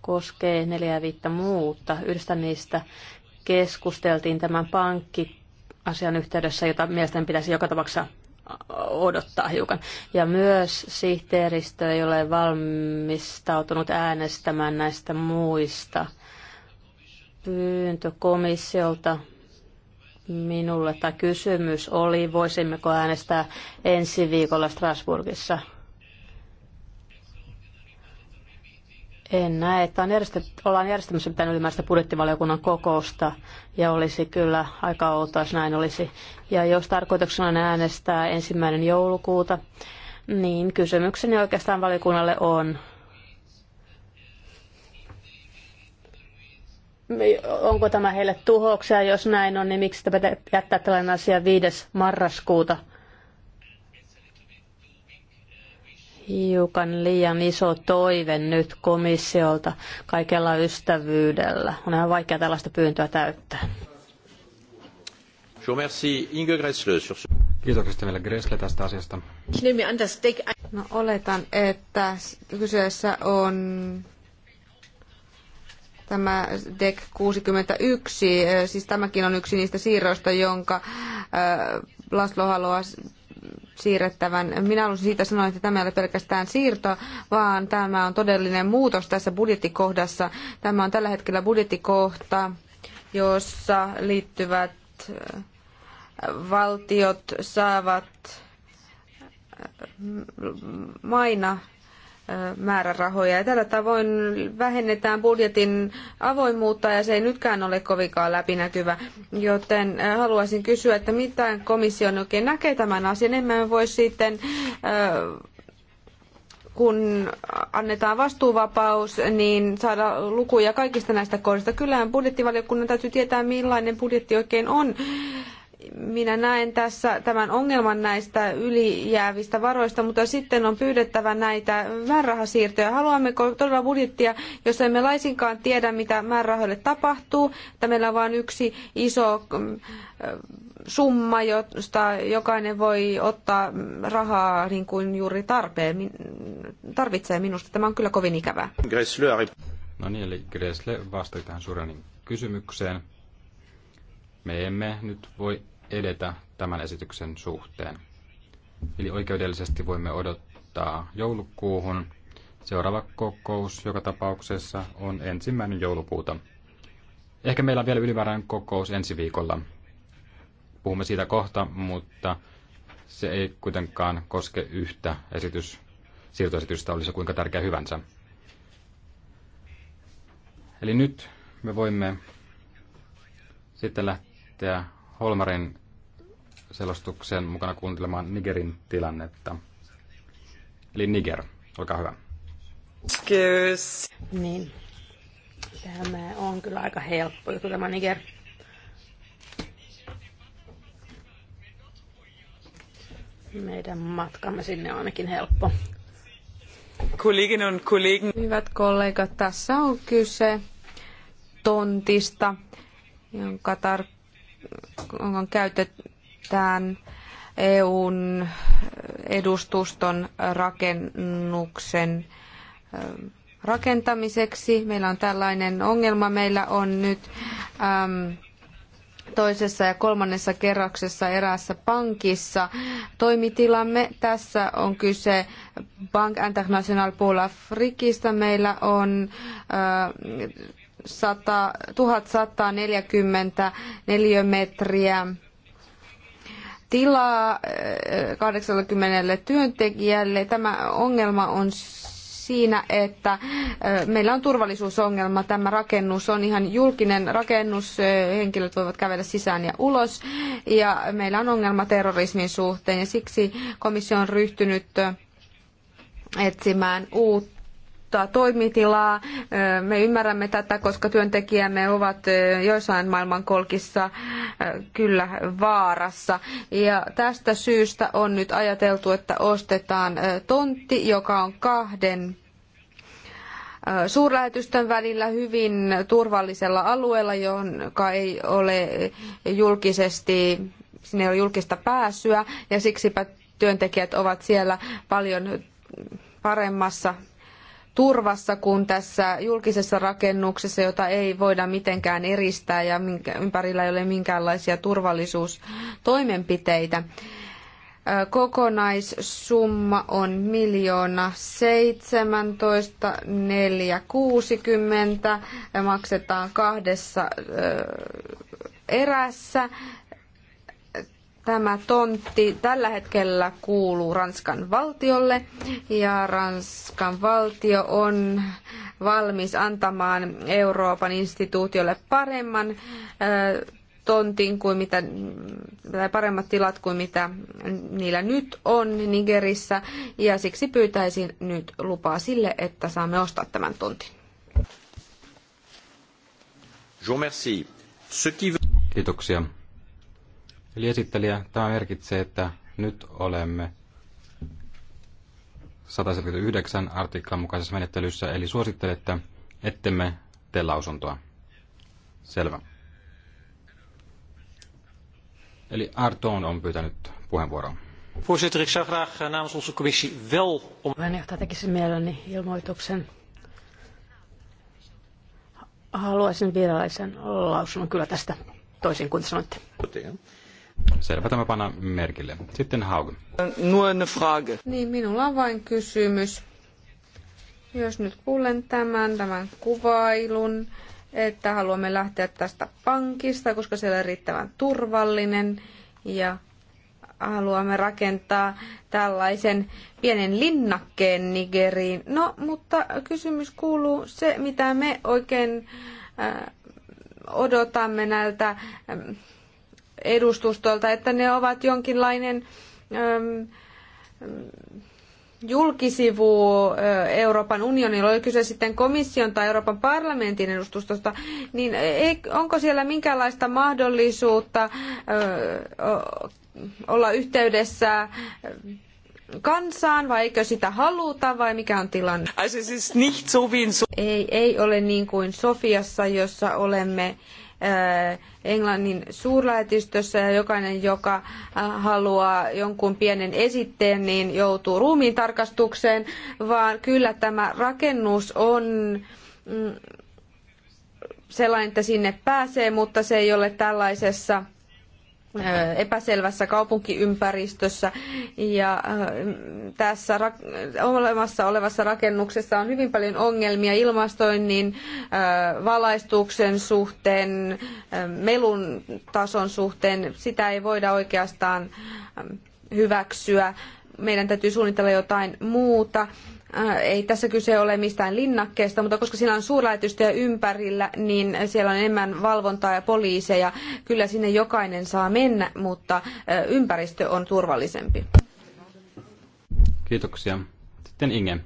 koskee neljää viittä muuta. Yhdestä niistä keskusteltiin tämän pankkiasian yhteydessä, jota mielestäni pitäisi joka tapauksessa odottaa hiukan. Ja myös sihteeristö ei ole valmistautunut äänestämään näistä muista pyyntö komissiolta minulle tai kysymys oli, voisimmeko äänestää ensi viikolla Strasbourgissa. En näe, että on järjestet, ollaan järjestämässä mitään ylimääräistä budjettivaliokunnan kokousta ja olisi kyllä aika outoa, jos näin olisi. Ja jos tarkoituksena on äänestää ensimmäinen joulukuuta, niin kysymykseni oikeastaan valiokunnalle on, onko tämä heille tuhoksia, jos näin on, niin miksi tämä jättää tällainen asia 5. marraskuuta? Hiukan liian iso toive nyt komissiolta kaikella ystävyydellä. On ihan vaikea tällaista pyyntöä täyttää. Kiitoksia vielä Gressle tästä asiasta. No, oletan, että kyseessä on tämä DEC 61, eh, siis tämäkin on yksi niistä siirroista, jonka eh, Laslo haluaa siirrettävän. Minä haluaisin siitä sanoa, että tämä ei ole pelkästään siirto, vaan tämä on todellinen muutos tässä budjettikohdassa. Tämä on tällä hetkellä budjettikohta, jossa liittyvät eh, valtiot saavat maina määrärahoja. Ja tällä tavoin vähennetään budjetin avoimuutta ja se ei nytkään ole kovinkaan läpinäkyvä. Joten äh, haluaisin kysyä, että mitä komissio oikein näkee tämän asian. Emme voi sitten äh, kun annetaan vastuuvapaus, niin saada lukuja kaikista näistä kohdista. Kyllähän budjettivaliokunnan täytyy tietää, millainen budjetti oikein on minä näen tässä tämän ongelman näistä ylijäävistä varoista, mutta sitten on pyydettävä näitä määrärahasiirtoja. Haluammeko todella budjettia, jos emme laisinkaan tiedä, mitä määrärahoille tapahtuu, että meillä on vain yksi iso mm, summa, josta jokainen voi ottaa rahaa niin kuin juuri tarpeen, tarvitsee minusta. Tämä on kyllä kovin ikävää. No niin, eli Gresle vastasi tähän Suranin niin kysymykseen. Me emme nyt voi edetä tämän esityksen suhteen. Eli oikeudellisesti voimme odottaa joulukuuhun. Seuraava kokous joka tapauksessa on ensimmäinen joulukuuta. Ehkä meillä on vielä ylimääräinen kokous ensi viikolla. Puhumme siitä kohta, mutta se ei kuitenkaan koske yhtä esitys, siirtoesitystä, olisi kuinka tärkeä hyvänsä. Eli nyt me voimme sitten lähteä Holmarin selostuksen mukana kuuntelemaan Nigerin tilannetta. Eli Niger, olkaa hyvä. Excuse. Niin. Tämä on kyllä aika helppo juttu tämä Niger. Meidän matkamme sinne on ainakin helppo. on kollegin. Hyvät kollegat, tässä on kyse tontista, jonka tarkkaan käytetään EUn edustuston rakennuksen rakentamiseksi. Meillä on tällainen ongelma. Meillä on nyt äm, toisessa ja kolmannessa kerroksessa eräässä pankissa toimitilamme. Tässä on kyse Bank International Pool Afrikista. Meillä on äh, 100, 1140 neliömetriä tilaa 80 eh, työntekijälle. Tämä ongelma on siinä, että eh, meillä on turvallisuusongelma. Tämä rakennus on ihan julkinen rakennus, eh, henkilöt voivat kävellä sisään ja ulos, ja meillä on ongelma terrorismin suhteen, ja siksi komissio on ryhtynyt etsimään uutta muuttaa toimitilaa. Me ymmärrämme tätä, koska työntekijämme ovat joissain maailmankolkissa kyllä vaarassa. Ja tästä syystä on nyt ajateltu, että ostetaan tontti, joka on kahden suurlähetystön välillä hyvin turvallisella alueella, joka ei ole julkisesti, sinne ei ole julkista pääsyä ja siksipä työntekijät ovat siellä paljon paremmassa turvassa kuin tässä julkisessa rakennuksessa, jota ei voida mitenkään eristää ja minkä, ympärillä ei ole minkäänlaisia turvallisuustoimenpiteitä. Kokonaissumma on miljoona 17 460. Maksetaan kahdessa erässä Tämä tontti tällä hetkellä kuuluu Ranskan valtiolle ja Ranskan valtio on valmis antamaan Euroopan instituutiolle paremman tontin kuin mitä, tai paremmat tilat kuin mitä niillä nyt on Nigerissä, ja siksi pyytäisin nyt lupaa sille, että saamme ostaa tämän tontin. Kiitoksia. Eli esittelijä, tämä merkitsee, että nyt olemme 179 artiklan mukaisessa menettelyssä, eli suosittelette, ettemme tee lausuntoa. Selvä. Eli Arton on pyytänyt puheenvuoroa. Voorzitter, ik zou graag eh, namens onze commissie wel om... Puheenjohtaja tekisi mielelläni ilmoituksen. Haluaisin virallisen lausunnon kyllä tästä, toisin kuin sanoitte. Selvä, tämä panna merkille. Sitten Haug. Nur Frage. Niin, minulla on vain kysymys. Jos nyt kuulen tämän, tämän kuvailun, että haluamme lähteä tästä pankista, koska siellä on riittävän turvallinen ja haluamme rakentaa tällaisen pienen linnakkeen Nigeriin. No, mutta kysymys kuuluu se, mitä me oikein äh, odotamme näiltä ähm, edustustolta, että ne ovat jonkinlainen äm, julkisivu äh, Euroopan unionilla, oli kyse sitten komission tai Euroopan parlamentin edustustosta, niin onko siellä minkäänlaista mahdollisuutta äh, olla yhteydessä äh, kansaan vai eikö sitä haluta vai mikä on tilanne? Also, nicht so wie in so- ei, ei ole niin kuin Sofiassa, jossa olemme Äh, Englannin suurlähetystössä ja jokainen, joka äh, haluaa jonkun pienen esitteen, niin joutuu ruumiin tarkastukseen, vaan kyllä tämä rakennus on mm, sellainen, että sinne pääsee, mutta se ei ole tällaisessa epäselvässä kaupunkiympäristössä ja tässä olemassa olevassa rakennuksessa on hyvin paljon ongelmia ilmastoinnin, valaistuksen suhteen, melun tason suhteen. Sitä ei voida oikeastaan hyväksyä. Meidän täytyy suunnitella jotain muuta Äh, ei tässä kyse ole mistään linnakkeesta, mutta koska siellä on suurlähetystöjä ympärillä, niin siellä on enemmän valvontaa ja poliiseja. Kyllä sinne jokainen saa mennä, mutta äh, ympäristö on turvallisempi. Kiitoksia. Sitten Inge.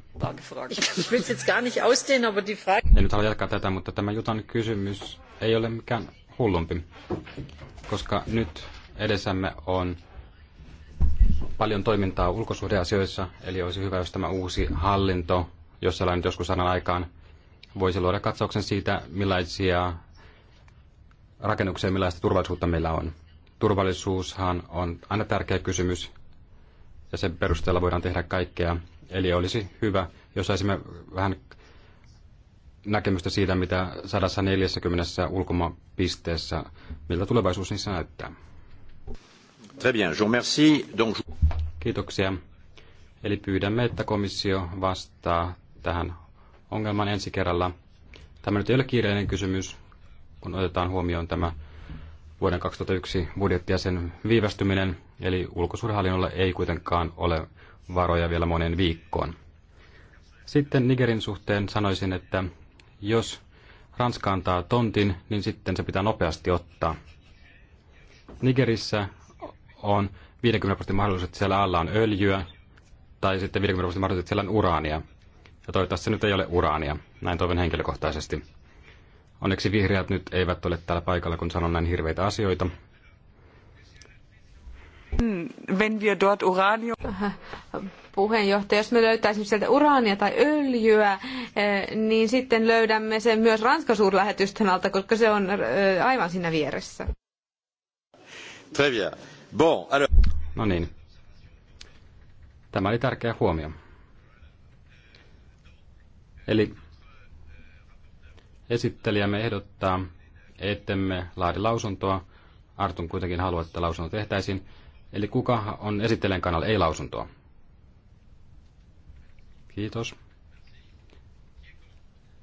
En nyt halua jatkaa tätä, mutta tämä Jutan kysymys ei ole mikään hullumpi, koska nyt edessämme on paljon toimintaa ulkosuhdeasioissa, eli olisi hyvä, jos tämä uusi hallinto, jos sellainen joskus sanan aikaan, voisi luoda katsauksen siitä, millaisia rakennuksia ja millaista turvallisuutta meillä on. Turvallisuushan on aina tärkeä kysymys, ja sen perusteella voidaan tehdä kaikkea. Eli olisi hyvä, jos saisimme vähän näkemystä siitä, mitä 140 ulkomaanpisteessä, miltä tulevaisuus niissä näyttää. Kiitoksia. Eli pyydämme, että komissio vastaa tähän ongelmaan ensi kerralla. Tämä nyt ei ole kiireinen kysymys, kun otetaan huomioon tämä vuoden 2001 budjetti ja sen viivästyminen, eli ulkosuurihallinnolla ei kuitenkaan ole varoja vielä moneen viikkoon. Sitten Nigerin suhteen sanoisin, että jos Ranska antaa tontin, niin sitten se pitää nopeasti ottaa. Nigerissä on 50 prosentin mahdollisuus, että siellä alla on öljyä, tai sitten 50 prosentin mahdollisuus, että siellä on uraania. Ja toivottavasti se nyt ei ole uraania, näin toivon henkilökohtaisesti. Onneksi vihreät nyt eivät ole täällä paikalla, kun sanon näin hirveitä asioita. Wenn wir dort uranium... Puheenjohtaja, jos me löytäisimme sieltä uraania tai öljyä, eh, niin sitten löydämme sen myös Ranskan suurlähetystön alta, koska se on eh, aivan siinä vieressä. Très bien. Bon, alors... No niin. Tämä oli tärkeä huomio. Eli esittelijämme ehdottaa, ettemme laadi lausuntoa. Artun kuitenkin haluaa, että lausunto tehtäisiin. Eli kuka on esittelijän kannalla ei lausuntoa? Kiitos.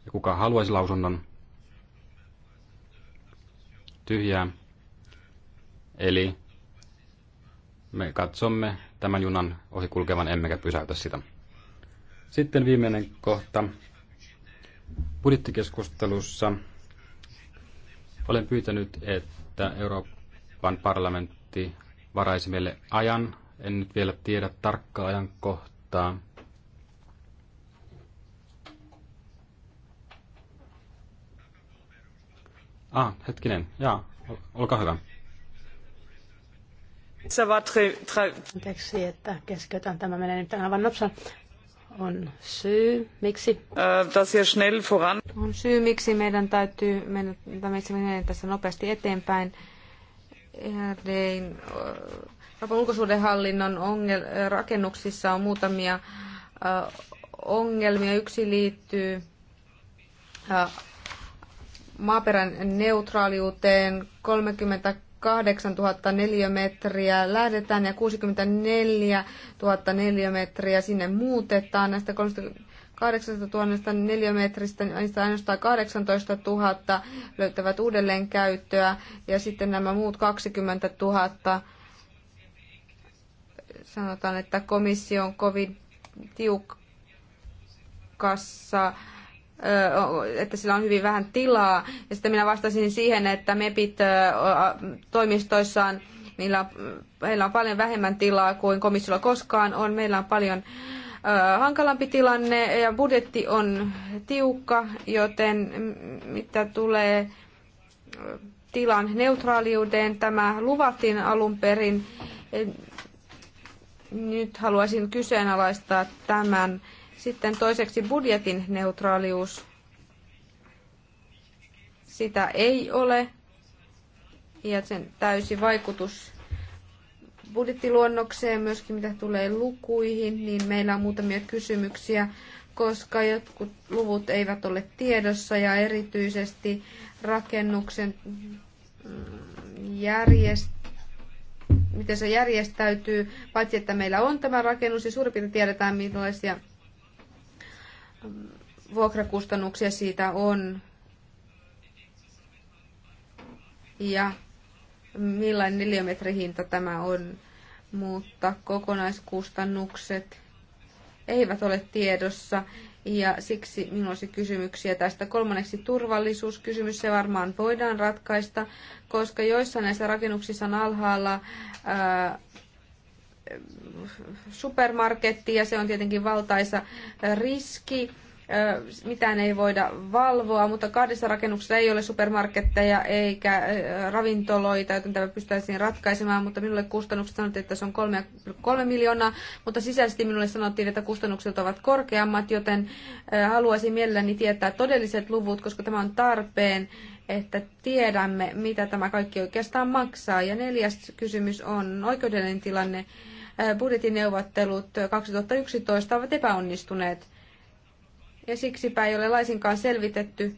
Ja kuka haluaisi lausunnon? Tyhjää. Eli me katsomme tämän junan ohi kulkevan, emmekä pysäytä sitä. Sitten viimeinen kohta. Budjettikeskustelussa olen pyytänyt, että Euroopan parlamentti varaisi meille ajan. En nyt vielä tiedä tarkkaa ajankohtaa. Ah, hetkinen. Jaa, olkaa hyvä. Anteeksi, että keskeytän. Tämä menee nyt aivan nopsan. On syy, miksi? Äh, das schnell voran. On syy, miksi meidän täytyy mennä, miksi menen tässä nopeasti eteenpäin. Dein, äh, Rapan ulkosuudenhallinnon ongel, äh, rakennuksissa on muutamia ongelmia. Yksi liittyy maaperän neutraaliuteen. 30 8000 neliömetriä lähdetään ja 64 000 neliömetriä sinne muutetaan. Näistä 8000 000 neliömetristä niistä ainoastaan 18 000 löytävät uudelleen käyttöä ja sitten nämä muut 20 000 sanotaan, että komissio on kovin tiukassa että sillä on hyvin vähän tilaa. Ja sitten minä vastasin siihen, että MEPit toimistoissaan, niillä on, heillä on paljon vähemmän tilaa kuin komissiolla koskaan on. Meillä on paljon hankalampi tilanne ja budjetti on tiukka, joten mitä tulee tilan neutraaliuteen, tämä luvattiin alun perin. Nyt haluaisin kyseenalaistaa tämän sitten toiseksi budjetin neutraalius. Sitä ei ole ja sen täysi vaikutus budjettiluonnokseen, myöskin mitä tulee lukuihin, niin meillä on muutamia kysymyksiä, koska jotkut luvut eivät ole tiedossa ja erityisesti rakennuksen mm, järjest miten se järjestäytyy, paitsi että meillä on tämä rakennus ja suurin piirtein tiedetään, millaisia vuokrakustannuksia siitä on ja millainen neliömetrihinta tämä on, mutta kokonaiskustannukset eivät ole tiedossa ja siksi minulla olisi kysymyksiä tästä. Kolmanneksi turvallisuuskysymys, se varmaan voidaan ratkaista, koska joissain näissä rakennuksissa on alhaalla ää, supermarketti ja se on tietenkin valtaisa riski. Mitään ei voida valvoa, mutta kahdessa rakennuksessa ei ole supermarketteja eikä ravintoloita, joten tämä pystyttäisiin ratkaisemaan, mutta minulle kustannukset sanottiin, että se on 3,3 miljoonaa, mutta sisäisesti minulle sanottiin, että kustannukset ovat korkeammat, joten haluaisin mielelläni tietää todelliset luvut, koska tämä on tarpeen että tiedämme, mitä tämä kaikki oikeastaan maksaa. Ja neljäs kysymys on oikeudellinen tilanne budjetineuvottelut 2011 ovat epäonnistuneet. Ja siksipä ei ole laisinkaan selvitetty,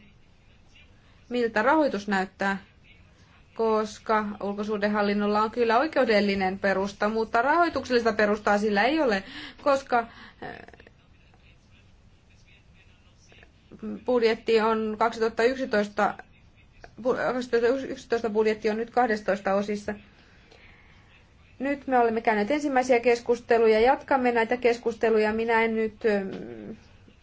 miltä rahoitus näyttää, koska ulkosuhdehallinnolla on kyllä oikeudellinen perusta, mutta rahoituksellista perustaa sillä ei ole, koska budjetti on 2011 2011 budjetti on nyt 12 osissa. Nyt me olemme käyneet ensimmäisiä keskusteluja, jatkamme näitä keskusteluja. Minä en nyt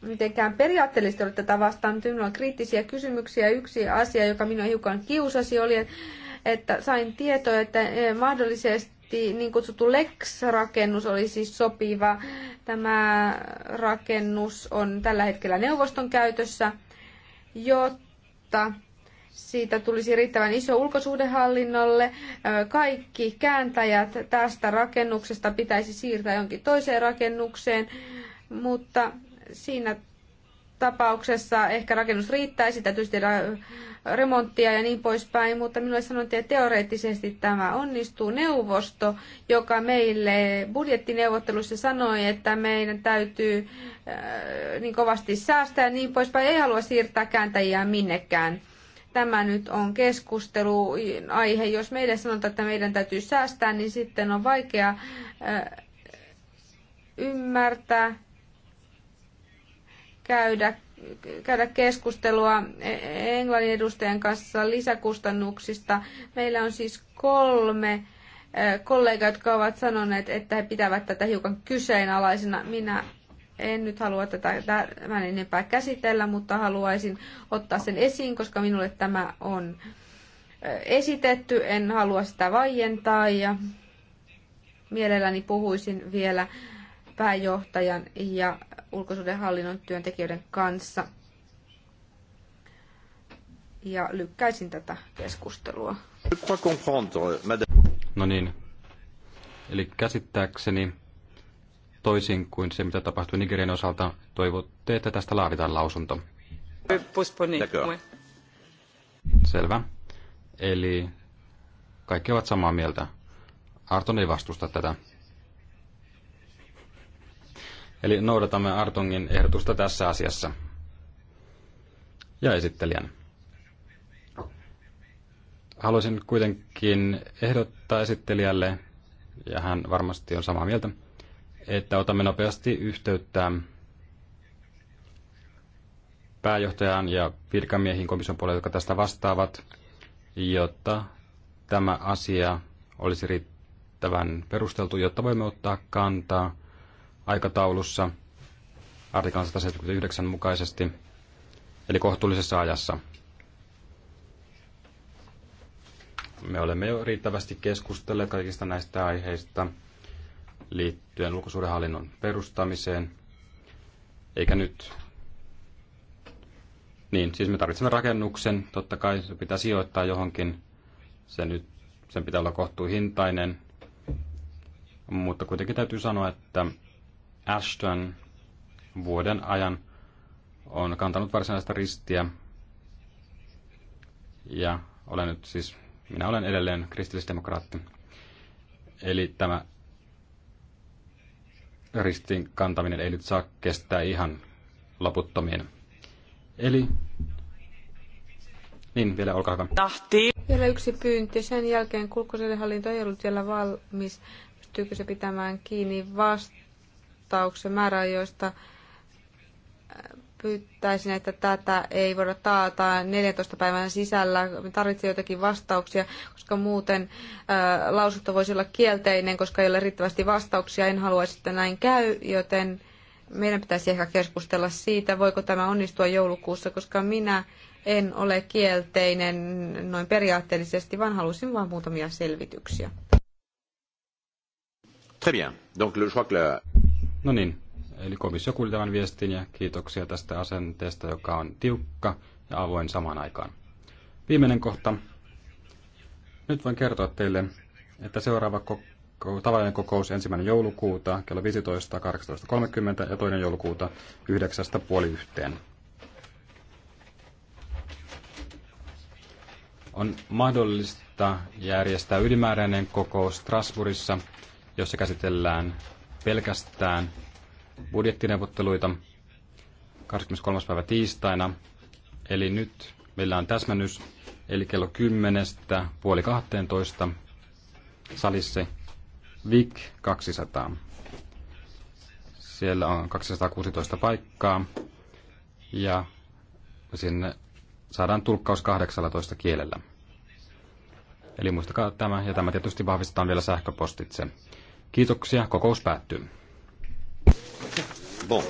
mitenkään periaatteellisesti ole tätä vastaan, mutta minulla on kriittisiä kysymyksiä. Yksi asia, joka minua hiukan kiusasi, oli, että sain tietoa, että mahdollisesti niin kutsuttu Lex-rakennus oli siis sopiva. Tämä rakennus on tällä hetkellä neuvoston käytössä, jotta siitä tulisi riittävän iso ulkosuhdehallinnolle. Kaikki kääntäjät tästä rakennuksesta pitäisi siirtää jonkin toiseen rakennukseen, mutta siinä tapauksessa ehkä rakennus riittäisi, täytyisi tehdä remonttia ja niin poispäin, mutta minulle sanottiin, että teoreettisesti tämä onnistuu. Neuvosto, joka meille budjettineuvottelussa sanoi, että meidän täytyy niin kovasti säästää ja niin poispäin, ei halua siirtää kääntäjiä minnekään tämä nyt on keskustelu aihe. Jos meille sanotaan, että meidän täytyy säästää, niin sitten on vaikea äh, ymmärtää, käydä, käydä keskustelua Englannin edustajan kanssa lisäkustannuksista. Meillä on siis kolme äh, kollegaa, jotka ovat sanoneet, että he pitävät tätä hiukan kyseenalaisena. Minä en nyt halua tätä tämän enempää käsitellä, mutta haluaisin ottaa sen esiin, koska minulle tämä on esitetty. En halua sitä vaientaa ja mielelläni puhuisin vielä pääjohtajan ja ulkosuhdehallinnon työntekijöiden kanssa. Ja lykkäisin tätä keskustelua. No niin. Eli käsittääkseni toisin kuin se, mitä tapahtui Nigerian osalta. Toivotte, että tästä laaditaan lausunto. Selvä. Eli kaikki ovat samaa mieltä. Arton ei vastusta tätä. Eli noudatamme Artongin ehdotusta tässä asiassa. Ja esittelijän. Haluaisin kuitenkin ehdottaa esittelijälle, ja hän varmasti on samaa mieltä, että otamme nopeasti yhteyttä pääjohtajaan ja virkamiehiin komission puolelle, jotka tästä vastaavat, jotta tämä asia olisi riittävän perusteltu, jotta voimme ottaa kantaa aikataulussa artiklan 179 mukaisesti, eli kohtuullisessa ajassa. Me olemme jo riittävästi keskustelleet kaikista näistä aiheista liittyen ulkosuhdehallinnon perustamiseen. Eikä nyt. Niin, siis me tarvitsemme rakennuksen. Totta kai se pitää sijoittaa johonkin. Se nyt, sen pitää olla kohtuuhintainen. Mutta kuitenkin täytyy sanoa, että Ashton vuoden ajan on kantanut varsinaista ristiä. Ja olen nyt siis, minä olen edelleen kristillisdemokraatti. Eli tämä ristin kantaminen ei nyt saa kestää ihan loputtomien. Eli niin, vielä olkaa hyvä. Tahti. Vielä yksi pyynti. Sen jälkeen kulkoselihallinto ei ollut vielä valmis. Pystyykö se pitämään kiinni vastauksen määräajoista? pyytäisin, että tätä ei voida taata 14 päivän sisällä. Me tarvitsemme jotakin vastauksia, koska muuten ä, lausunto voisi olla kielteinen, koska ei ole riittävästi vastauksia. En haluaisi, että näin käy, joten meidän pitäisi ehkä keskustella siitä, voiko tämä onnistua joulukuussa, koska minä en ole kielteinen noin periaatteellisesti, vaan halusin vain muutamia selvityksiä. Très bien. Donc, le, je crois que la... No niin, Eli komissio kuuli tämän viestin ja kiitoksia tästä asenteesta, joka on tiukka ja avoin samaan aikaan. Viimeinen kohta. Nyt voin kertoa teille, että seuraava koko, tavallinen kokous ensimmäinen joulukuuta kello 15.18.30 ja toinen joulukuuta 9.30. On mahdollista järjestää ylimääräinen kokous Strasbourgissa, jossa käsitellään pelkästään budjettineuvotteluita 23. päivä tiistaina. Eli nyt meillä on täsmännys, eli kello 10 puoli 12 salissa VIC 200. Siellä on 216 paikkaa ja sinne saadaan tulkkaus 18 kielellä. Eli muistakaa tämä, ja tämä tietysti vahvistetaan vielä sähköpostitse. Kiitoksia, kokous päättyy. Bon.